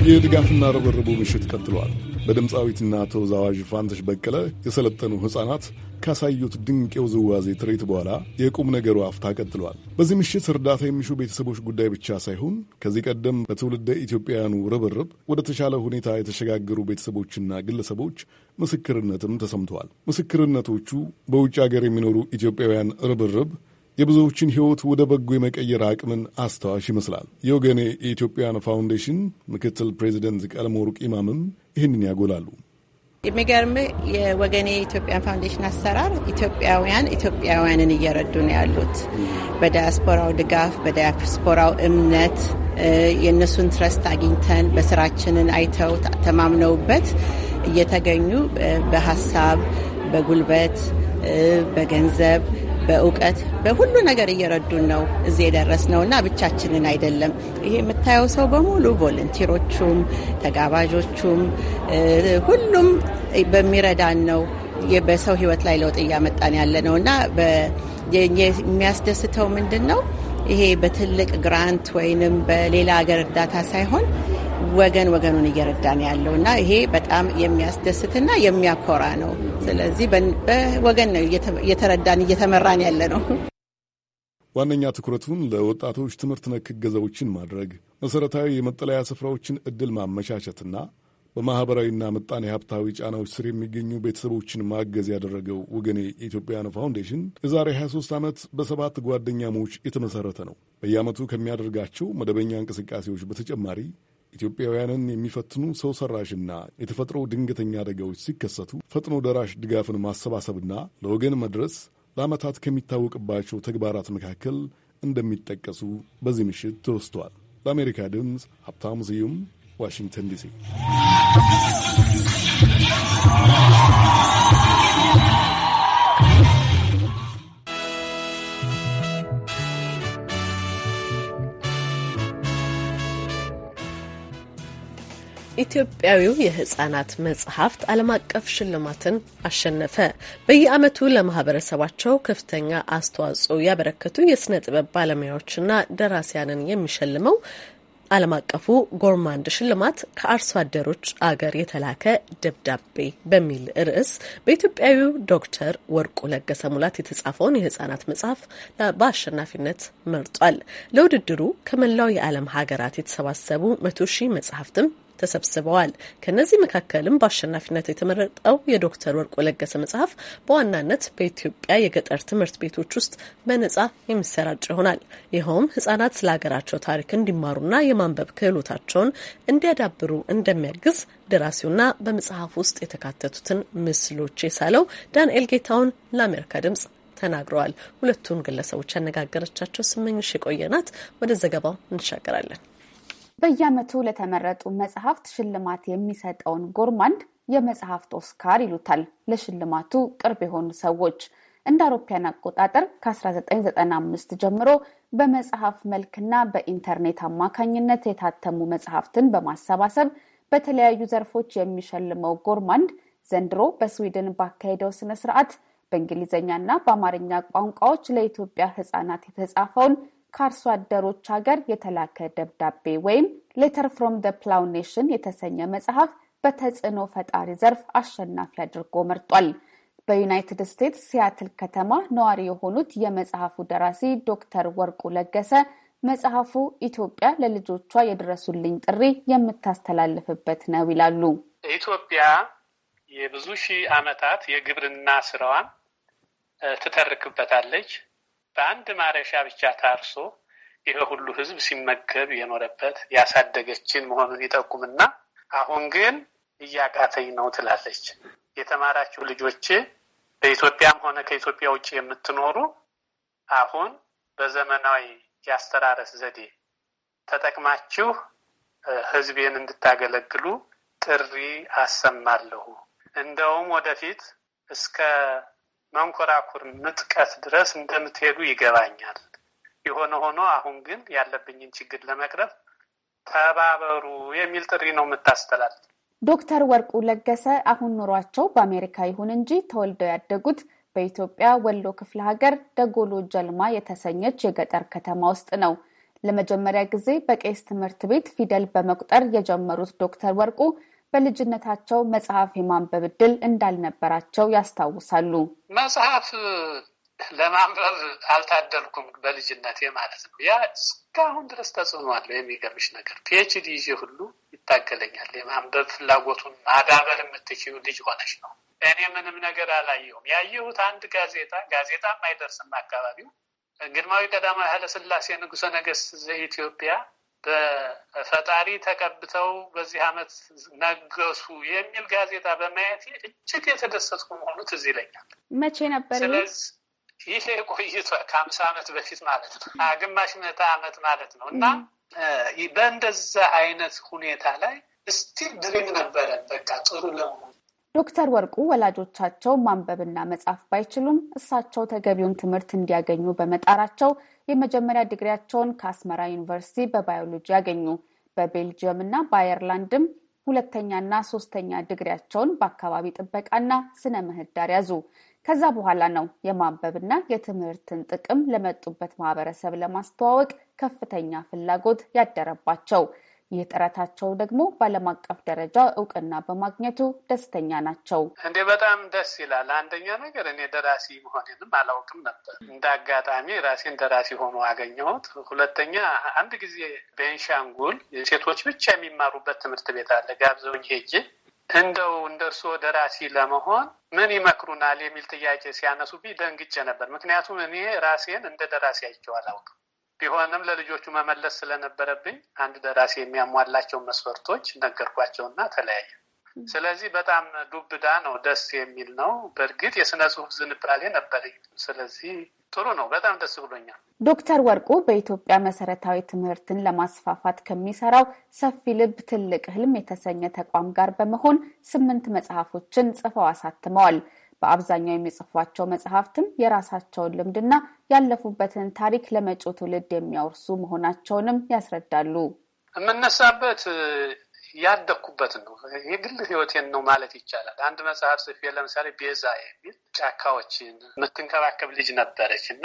Speaker 14: የድጋፍና ርብርቡ ምሽት ቀጥሏል። በድምፃዊትና ተወዛዋዥ ፋንተሽ በቀለ የሰለጠኑ ሕፃናት ካሳዩት ድንቅ የውዝዋዜ ትርኢት በኋላ የቁም ነገሩ አፍታ ቀጥሏል። በዚህ ምሽት እርዳታ የሚሹ ቤተሰቦች ጉዳይ ብቻ ሳይሆን ከዚህ ቀደም በትውልደ ኢትዮጵያውያኑ ርብርብ ወደ ተሻለ ሁኔታ የተሸጋገሩ ቤተሰቦችና ግለሰቦች ምስክርነትም ተሰምተዋል። ምስክርነቶቹ በውጭ ሀገር የሚኖሩ ኢትዮጵያውያን ርብርብ የብዙዎችን ሕይወት ወደ በጎ የመቀየር አቅምን አስታዋሽ ይመስላል። የወገኔ የኢትዮጵያን ፋውንዴሽን ምክትል ፕሬዚደንት ቀለመወርቅ ኢማምም ይህንን ያጎላሉ።
Speaker 15: የሚገርም የወገኔ የኢትዮጵያን ፋውንዴሽን አሰራር ኢትዮጵያውያን ኢትዮጵያውያንን እየረዱ ነው ያሉት። በዳያስፖራው ድጋፍ፣ በዳያስፖራው እምነት የእነሱን ትረስት አግኝተን በስራችንን አይተው ተማምነውበት እየተገኙ በሀሳብ፣ በጉልበት፣ በገንዘብ በእውቀት በሁሉ ነገር እየረዱን ነው እዚህ ነው እና ብቻችንን አይደለም። ይሄ የምታየው ሰው በሙሉ ቮለንቲሮቹም፣ ተጋባዦቹም ሁሉም በሚረዳን ነው በሰው ህይወት ላይ ለውጥ እያመጣን ያለ ነው እና የሚያስደስተው ምንድን ነው ይሄ በትልቅ ግራንት ወይንም በሌላ ሀገር እርዳታ ሳይሆን ወገን ወገኑን እየረዳን ያለው እና ይሄ በጣም የሚያስደስትና የሚያኮራ ነው። ስለዚህ በወገን ነው እየተረዳን እየተመራን ያለ ነው።
Speaker 14: ዋነኛ ትኩረቱን ለወጣቶች ትምህርት ነክ እገዛዎችን ማድረግ፣ መሠረታዊ የመጠለያ ስፍራዎችን ዕድል ማመቻቸትና በማኅበራዊና ምጣኔ ሀብታዊ ጫናዎች ስር የሚገኙ ቤተሰቦችን ማገዝ ያደረገው ወገኔ የኢትዮጵያውያኑ ፋውንዴሽን የዛሬ 23 ዓመት በሰባት ጓደኛሞች የተመሠረተ ነው። በየዓመቱ ከሚያደርጋቸው መደበኛ እንቅስቃሴዎች በተጨማሪ ኢትዮጵያውያንን የሚፈትኑ ሰው ሰራሽና የተፈጥሮ ድንገተኛ አደጋዎች ሲከሰቱ ፈጥኖ ደራሽ ድጋፍን ማሰባሰብና ለወገን መድረስ ለዓመታት ከሚታወቅባቸው ተግባራት መካከል እንደሚጠቀሱ በዚህ ምሽት ተወስቷል። ለአሜሪካ ድምፅ ሀብታሙ ስዩም ዋሽንግተን ዲሲ
Speaker 1: ኢትዮጵያዊው የህጻናት መጽሐፍት ዓለም አቀፍ ሽልማትን አሸነፈ። በየዓመቱ ለማህበረሰባቸው ከፍተኛ አስተዋጽኦ ያበረከቱ የስነ ጥበብ ባለሙያዎችና ደራሲያንን የሚሸልመው ዓለም አቀፉ ጎርማንድ ሽልማት ከአርሶ አደሮች አገር የተላከ ደብዳቤ በሚል ርዕስ በኢትዮጵያዊው ዶክተር ወርቁ ለገሰ ሙላት የተጻፈውን የህጻናት መጽሐፍ በአሸናፊነት መርጧል። ለውድድሩ ከመላው የዓለም ሀገራት የተሰባሰቡ መቶ ሺህ መጽሐፍትም ተሰብስበዋል። ከእነዚህ መካከልም በአሸናፊነት የተመረጠው የዶክተር ወርቆ ለገሰ መጽሐፍ በዋናነት በኢትዮጵያ የገጠር ትምህርት ቤቶች ውስጥ በነጻ የሚሰራጭ ይሆናል። ይኸውም ህጻናት ስለ ሀገራቸው ታሪክ እንዲማሩና የማንበብ ክህሎታቸውን እንዲያዳብሩ እንደሚያግዝ ደራሲውና በመጽሐፍ ውስጥ የተካተቱትን ምስሎች የሳለው ዳንኤል ጌታውን ለአሜሪካ ድምጽ ተናግረዋል። ሁለቱን ግለሰቦች ያነጋገረቻቸው ስመኝሽ የቆየናት። ወደ ዘገባው እንሻገራለን። በየዓመቱ
Speaker 6: ለተመረጡ መጽሐፍት ሽልማት የሚሰጠውን ጎርማንድ የመጽሐፍት ኦስካር ይሉታል። ለሽልማቱ ቅርብ የሆኑ ሰዎች እንደ አውሮፓያን አቆጣጠር ከ1995 ጀምሮ በመጽሐፍ መልክና በኢንተርኔት አማካኝነት የታተሙ መጽሐፍትን በማሰባሰብ በተለያዩ ዘርፎች የሚሸልመው ጎርማንድ ዘንድሮ በስዊድን ባካሄደው ስነ ስርዓት በእንግሊዝኛና በአማርኛ ቋንቋዎች ለኢትዮጵያ ሕጻናት የተጻፈውን ከአርሶ አደሮች ሀገር የተላከ ደብዳቤ ወይም ሌተር ፍሮም ደ ፕላው ኔሽን የተሰኘ መጽሐፍ በተጽዕኖ ፈጣሪ ዘርፍ አሸናፊ አድርጎ መርጧል። በዩናይትድ ስቴትስ ሲያትል ከተማ ነዋሪ የሆኑት የመጽሐፉ ደራሲ ዶክተር ወርቁ ለገሰ መጽሐፉ ኢትዮጵያ ለልጆቿ የድረሱልኝ ጥሪ የምታስተላልፍበት ነው ይላሉ።
Speaker 17: ኢትዮጵያ የብዙ ሺህ ዓመታት የግብርና ስራዋን ትተርክበታለች። በአንድ ማረሻ ብቻ ታርሶ ይህ ሁሉ ህዝብ ሲመገብ የኖረበት ያሳደገችን መሆኑን ይጠቁምና አሁን ግን እያቃተኝ ነው ትላለች። የተማራችሁ ልጆቼ በኢትዮጵያም ሆነ ከኢትዮጵያ ውጭ የምትኖሩ አሁን በዘመናዊ የአስተራረስ ዘዴ ተጠቅማችሁ ህዝቤን እንድታገለግሉ ጥሪ አሰማለሁ። እንደውም ወደፊት እስከ መንኮራኩር ንጥቀት ድረስ እንደምትሄዱ ይገባኛል። የሆነ ሆኖ አሁን ግን ያለብኝን ችግር ለመቅረፍ ተባበሩ የሚል ጥሪ ነው የምታስተላል።
Speaker 6: ዶክተር ወርቁ ለገሰ አሁን ኑሯቸው በአሜሪካ ይሁን እንጂ ተወልደው ያደጉት በኢትዮጵያ ወሎ ክፍለ ሀገር ደጎሎ ጀልማ የተሰኘች የገጠር ከተማ ውስጥ ነው። ለመጀመሪያ ጊዜ በቄስ ትምህርት ቤት ፊደል በመቁጠር የጀመሩት ዶክተር ወርቁ በልጅነታቸው መጽሐፍ የማንበብ እድል እንዳልነበራቸው ያስታውሳሉ።
Speaker 17: መጽሐፍ ለማንበብ አልታደልኩም በልጅነቴ ማለት ነው። ያ እስካሁን ድረስ ተጽዕኖ አለው። የሚገርምሽ ነገር ፒኤችዲ ይዤ ሁሉ ይታገለኛል። የማንበብ ፍላጎቱን ማዳበር የምትችዩ ልጅ ሆነች ነው። እኔ ምንም ነገር አላየሁም። ያየሁት አንድ ጋዜጣ ጋዜጣም አይደርስም አካባቢው ግርማዊ ቀዳማዊ ኃይለሥላሴ ንጉሠ ነገሥት ዘኢትዮጵያ በፈጣሪ ተቀብተው በዚህ ዓመት ነገሱ የሚል ጋዜጣ በማየት እጅግ የተደሰትኩ መሆኑ ትዝ ይለኛል።
Speaker 6: መቼ ነበር? ስለዚህ
Speaker 17: ይሄ ቆይቷ ከአምሳ ዓመት በፊት ማለት ነው፣ ግማሽ ምዕተ ዓመት ማለት ነው እና በእንደዛ አይነት ሁኔታ ላይ እስቲል ድሪም ነበረን በቃ ጥሩ ለመሆን
Speaker 6: ዶክተር ወርቁ ወላጆቻቸው ማንበብና መጻፍ ባይችሉም እሳቸው ተገቢውን ትምህርት እንዲያገኙ በመጣራቸው የመጀመሪያ ዲግሪያቸውን ከአስመራ ዩኒቨርሲቲ በባዮሎጂ ያገኙ፣ በቤልጅየም እና በአየርላንድም ሁለተኛና ሶስተኛ ዲግሪያቸውን በአካባቢ ጥበቃና ስነ ምህዳር ያዙ። ከዛ በኋላ ነው የማንበብና የትምህርትን ጥቅም ለመጡበት ማህበረሰብ ለማስተዋወቅ ከፍተኛ ፍላጎት ያደረባቸው። ይህ ጥረታቸው ደግሞ በዓለም አቀፍ ደረጃ እውቅና በማግኘቱ ደስተኛ ናቸው።
Speaker 17: እንዴ በጣም ደስ ይላል። አንደኛ ነገር እኔ ደራሲ መሆንንም አላውቅም ነበር። እንደ አጋጣሚ ራሴን ደራሲ ሆኖ አገኘሁት። ሁለተኛ አንድ ጊዜ ቤንሻንጉል ሴቶች ብቻ የሚማሩበት ትምህርት ቤት አለ። ጋብዘውኝ ሄጄ እንደው እንደ እርስዎ ደራሲ ለመሆን ምን ይመክሩናል የሚል ጥያቄ ሲያነሱብኝ ደንግጬ ነበር። ምክንያቱም እኔ ራሴን እንደ ደራሲ አይቼው አላውቅም። ቢሆንም ለልጆቹ መመለስ ስለነበረብኝ አንድ ደራሲ የሚያሟላቸው መስፈርቶች ነገርኳቸውና ተለያየ። ስለዚህ በጣም ዱብዳ ነው፣ ደስ የሚል ነው። በእርግጥ የስነ ጽሁፍ ዝንባሌ ነበረኝ። ስለዚህ ጥሩ ነው፣ በጣም ደስ ብሎኛል።
Speaker 6: ዶክተር ወርቁ በኢትዮጵያ መሰረታዊ ትምህርትን ለማስፋፋት ከሚሰራው ሰፊ ልብ ትልቅ ህልም የተሰኘ ተቋም ጋር በመሆን ስምንት መጽሐፎችን ጽፈው አሳትመዋል። በአብዛኛው የሚጽፏቸው መጽሐፍትም የራሳቸውን ልምድና ያለፉበትን ታሪክ ለመጪው ትውልድ የሚያወርሱ መሆናቸውንም ያስረዳሉ።
Speaker 17: የምነሳበት ያደግኩበት ነው። የግል ህይወቴን ነው ማለት ይቻላል። አንድ መጽሐፍ ጽፌ ለምሳሌ ቤዛ የሚል ጫካዎችን የምትንከባከብ ልጅ ነበረች እና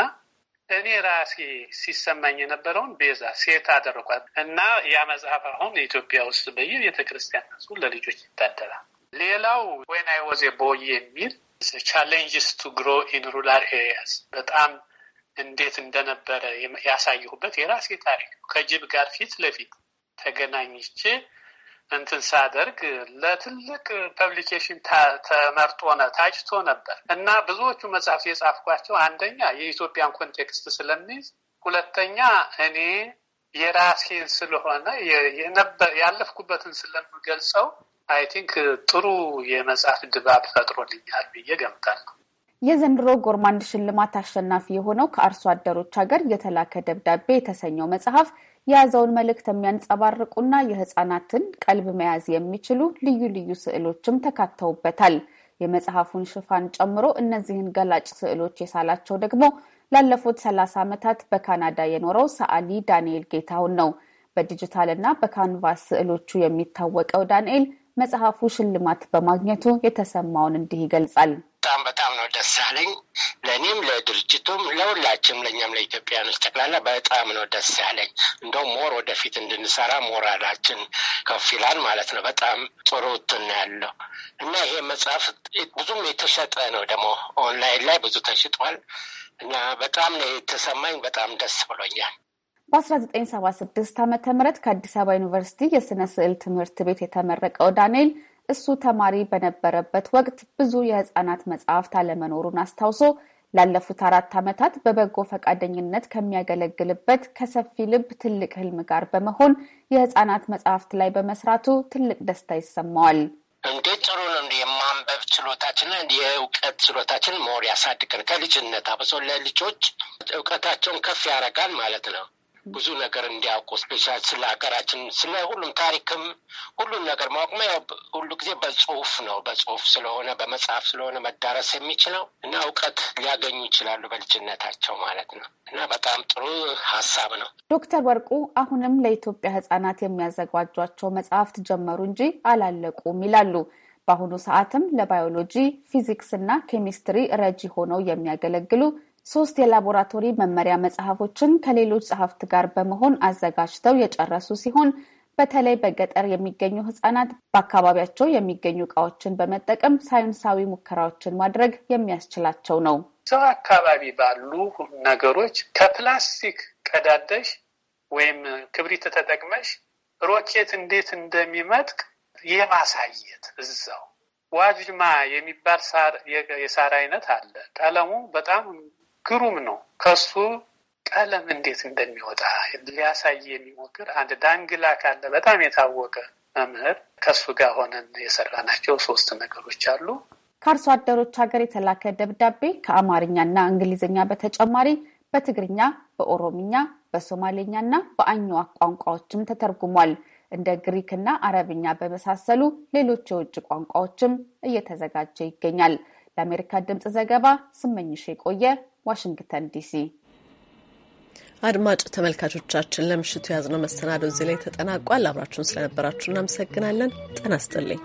Speaker 17: እኔ ራሴ ሲሰማኝ የነበረውን ቤዛ ሴት አደረኳት እና ያ መጽሐፍ አሁን ኢትዮጵያ ውስጥ በየቤተክርስቲያን ክርስቲያን ለልጆች ይታደራል። ሌላው ወን አይ ወዝ ቦይ የሚል ቻሌንጅስ ቱ ግሮ ኢን ሩላር ኤሪያስ በጣም እንዴት እንደነበረ ያሳየሁበት የራሴ ታሪክ ነው። ከጅብ ጋር ፊት ለፊት ተገናኝቼ እንትን ሳደርግ ለትልቅ ፐብሊኬሽን ተመርጦ ታጭቶ ነበር እና ብዙዎቹ መጽሐፍት የጻፍኳቸው አንደኛ የኢትዮጵያን ኮንቴክስት ስለሚይዝ፣ ሁለተኛ እኔ የራሴን ስለሆነ ያለፍኩበትን ስለምገልጸው አይ ቲንክ ጥሩ የመጽሐፍ ድባብ ፈጥሮልኛል
Speaker 6: ብዬ ገምታል። የዘንድሮ ጎርማንድ ሽልማት አሸናፊ የሆነው ከአርሶ አደሮች ሀገር የተላከ ደብዳቤ የተሰኘው መጽሐፍ የያዘውን መልእክት የሚያንጸባርቁና የህፃናትን ቀልብ መያዝ የሚችሉ ልዩ ልዩ ስዕሎችም ተካተውበታል። የመጽሐፉን ሽፋን ጨምሮ እነዚህን ገላጭ ስዕሎች የሳላቸው ደግሞ ላለፉት ሰላሳ ዓመታት በካናዳ የኖረው ሰዓሊ ዳንኤል ጌታሁን ነው። በዲጂታልና በካንቫስ ስዕሎቹ የሚታወቀው ዳንኤል መጽሐፉ ሽልማት በማግኘቱ የተሰማውን እንዲህ ይገልጻል። በጣም
Speaker 7: በጣም ነው ደስ ያለኝ። ለእኔም ለድርጅቱም፣ ለሁላችንም፣ ለእኛም ለኢትዮጵያኖች ጠቅላላ በጣም ነው ደስ ያለኝ። እንደውም ሞር ወደፊት እንድንሰራ ሞራላችን ከፍ ይላል ማለት ነው። በጣም ጥሩ ትና ያለው እና ይሄ መጽሐፍ ብዙም የተሸጠ ነው ደግሞ ኦንላይን ላይ ብዙ ተሽጧል እና በጣም ነው የተሰማኝ። በጣም ደስ ብሎኛል።
Speaker 6: በ1976 ዓ ም ከአዲስ አበባ ዩኒቨርሲቲ የሥነ ስዕል ትምህርት ቤት የተመረቀው ዳንኤል እሱ ተማሪ በነበረበት ወቅት ብዙ የህፃናት መጽሐፍት አለመኖሩን አስታውሶ ላለፉት አራት ዓመታት በበጎ ፈቃደኝነት ከሚያገለግልበት ከሰፊ ልብ ትልቅ ህልም ጋር በመሆን የህፃናት መጽሐፍት ላይ በመስራቱ ትልቅ ደስታ ይሰማዋል። እንዴት ጥሩ ነው! የማንበብ ችሎታችንን የእውቀት ችሎታችን
Speaker 7: መሆን ያሳድገን ከልጅነት አብሶ ለልጆች እውቀታቸውን ከፍ ያደርጋል ማለት ነው። ብዙ ነገር እንዲያውቁ ስፔሻል ስለ ሀገራችን ስለ ሁሉም ታሪክም ሁሉም ነገር ማወቅ ሁሉ ጊዜ በጽሁፍ ነው። በጽሁፍ ስለሆነ በመጽሐፍ ስለሆነ መዳረስ የሚችለው እና እውቀት ሊያገኙ ይችላሉ በልጅነታቸው ማለት ነው እና በጣም
Speaker 10: ጥሩ
Speaker 6: ሀሳብ ነው። ዶክተር ወርቁ አሁንም ለኢትዮጵያ ህጻናት የሚያዘጋጇቸው መጽሐፍት ጀመሩ እንጂ አላለቁም ይላሉ። በአሁኑ ሰዓትም ለባዮሎጂ ፊዚክስ እና ኬሚስትሪ ረጂ ሆነው የሚያገለግሉ ሶስት የላቦራቶሪ መመሪያ መጽሐፎችን ከሌሎች ጸሐፍት ጋር በመሆን አዘጋጅተው የጨረሱ ሲሆን በተለይ በገጠር የሚገኙ ህጻናት በአካባቢያቸው የሚገኙ እቃዎችን በመጠቀም ሳይንሳዊ ሙከራዎችን ማድረግ የሚያስችላቸው ነው።
Speaker 17: ሰው አካባቢ ባሉ ነገሮች ከፕላስቲክ ቀዳደሽ ወይም ክብሪት ተጠቅመሽ ሮኬት እንዴት እንደሚመጥቅ የማሳየት እዛው ዋጅማ የሚባል የሳር አይነት አለ። ቀለሙ በጣም ግሩም ነው። ከሱ ቀለም እንዴት እንደሚወጣ ሊያሳይ የሚሞክር አንድ ዳንግላ ካለ በጣም የታወቀ መምህር ከሱ ጋር ሆነን የሰራናቸው ሶስት ነገሮች አሉ።
Speaker 6: ከአርሶ አደሮች ሀገር የተላከ ደብዳቤ ከአማርኛና እንግሊዝኛ በተጨማሪ በትግርኛ፣ በኦሮምኛ፣ በሶማሌኛና በአኝዋ ቋንቋዎችም ተተርጉሟል። እንደ ግሪክና አረብኛ በመሳሰሉ ሌሎች የውጭ ቋንቋዎችም እየተዘጋጀ ይገኛል። ለአሜሪካ ድምፅ ዘገባ ስመኝሽ የቆየ ዋሽንግተን ዲሲ።
Speaker 1: አድማጭ ተመልካቾቻችን ለምሽቱ የያዝነው መሰናዶ እዚህ ላይ ተጠናቋል። አብራችሁን ስለነበራችሁ እናመሰግናለን። ጤና ይስጥልኝ።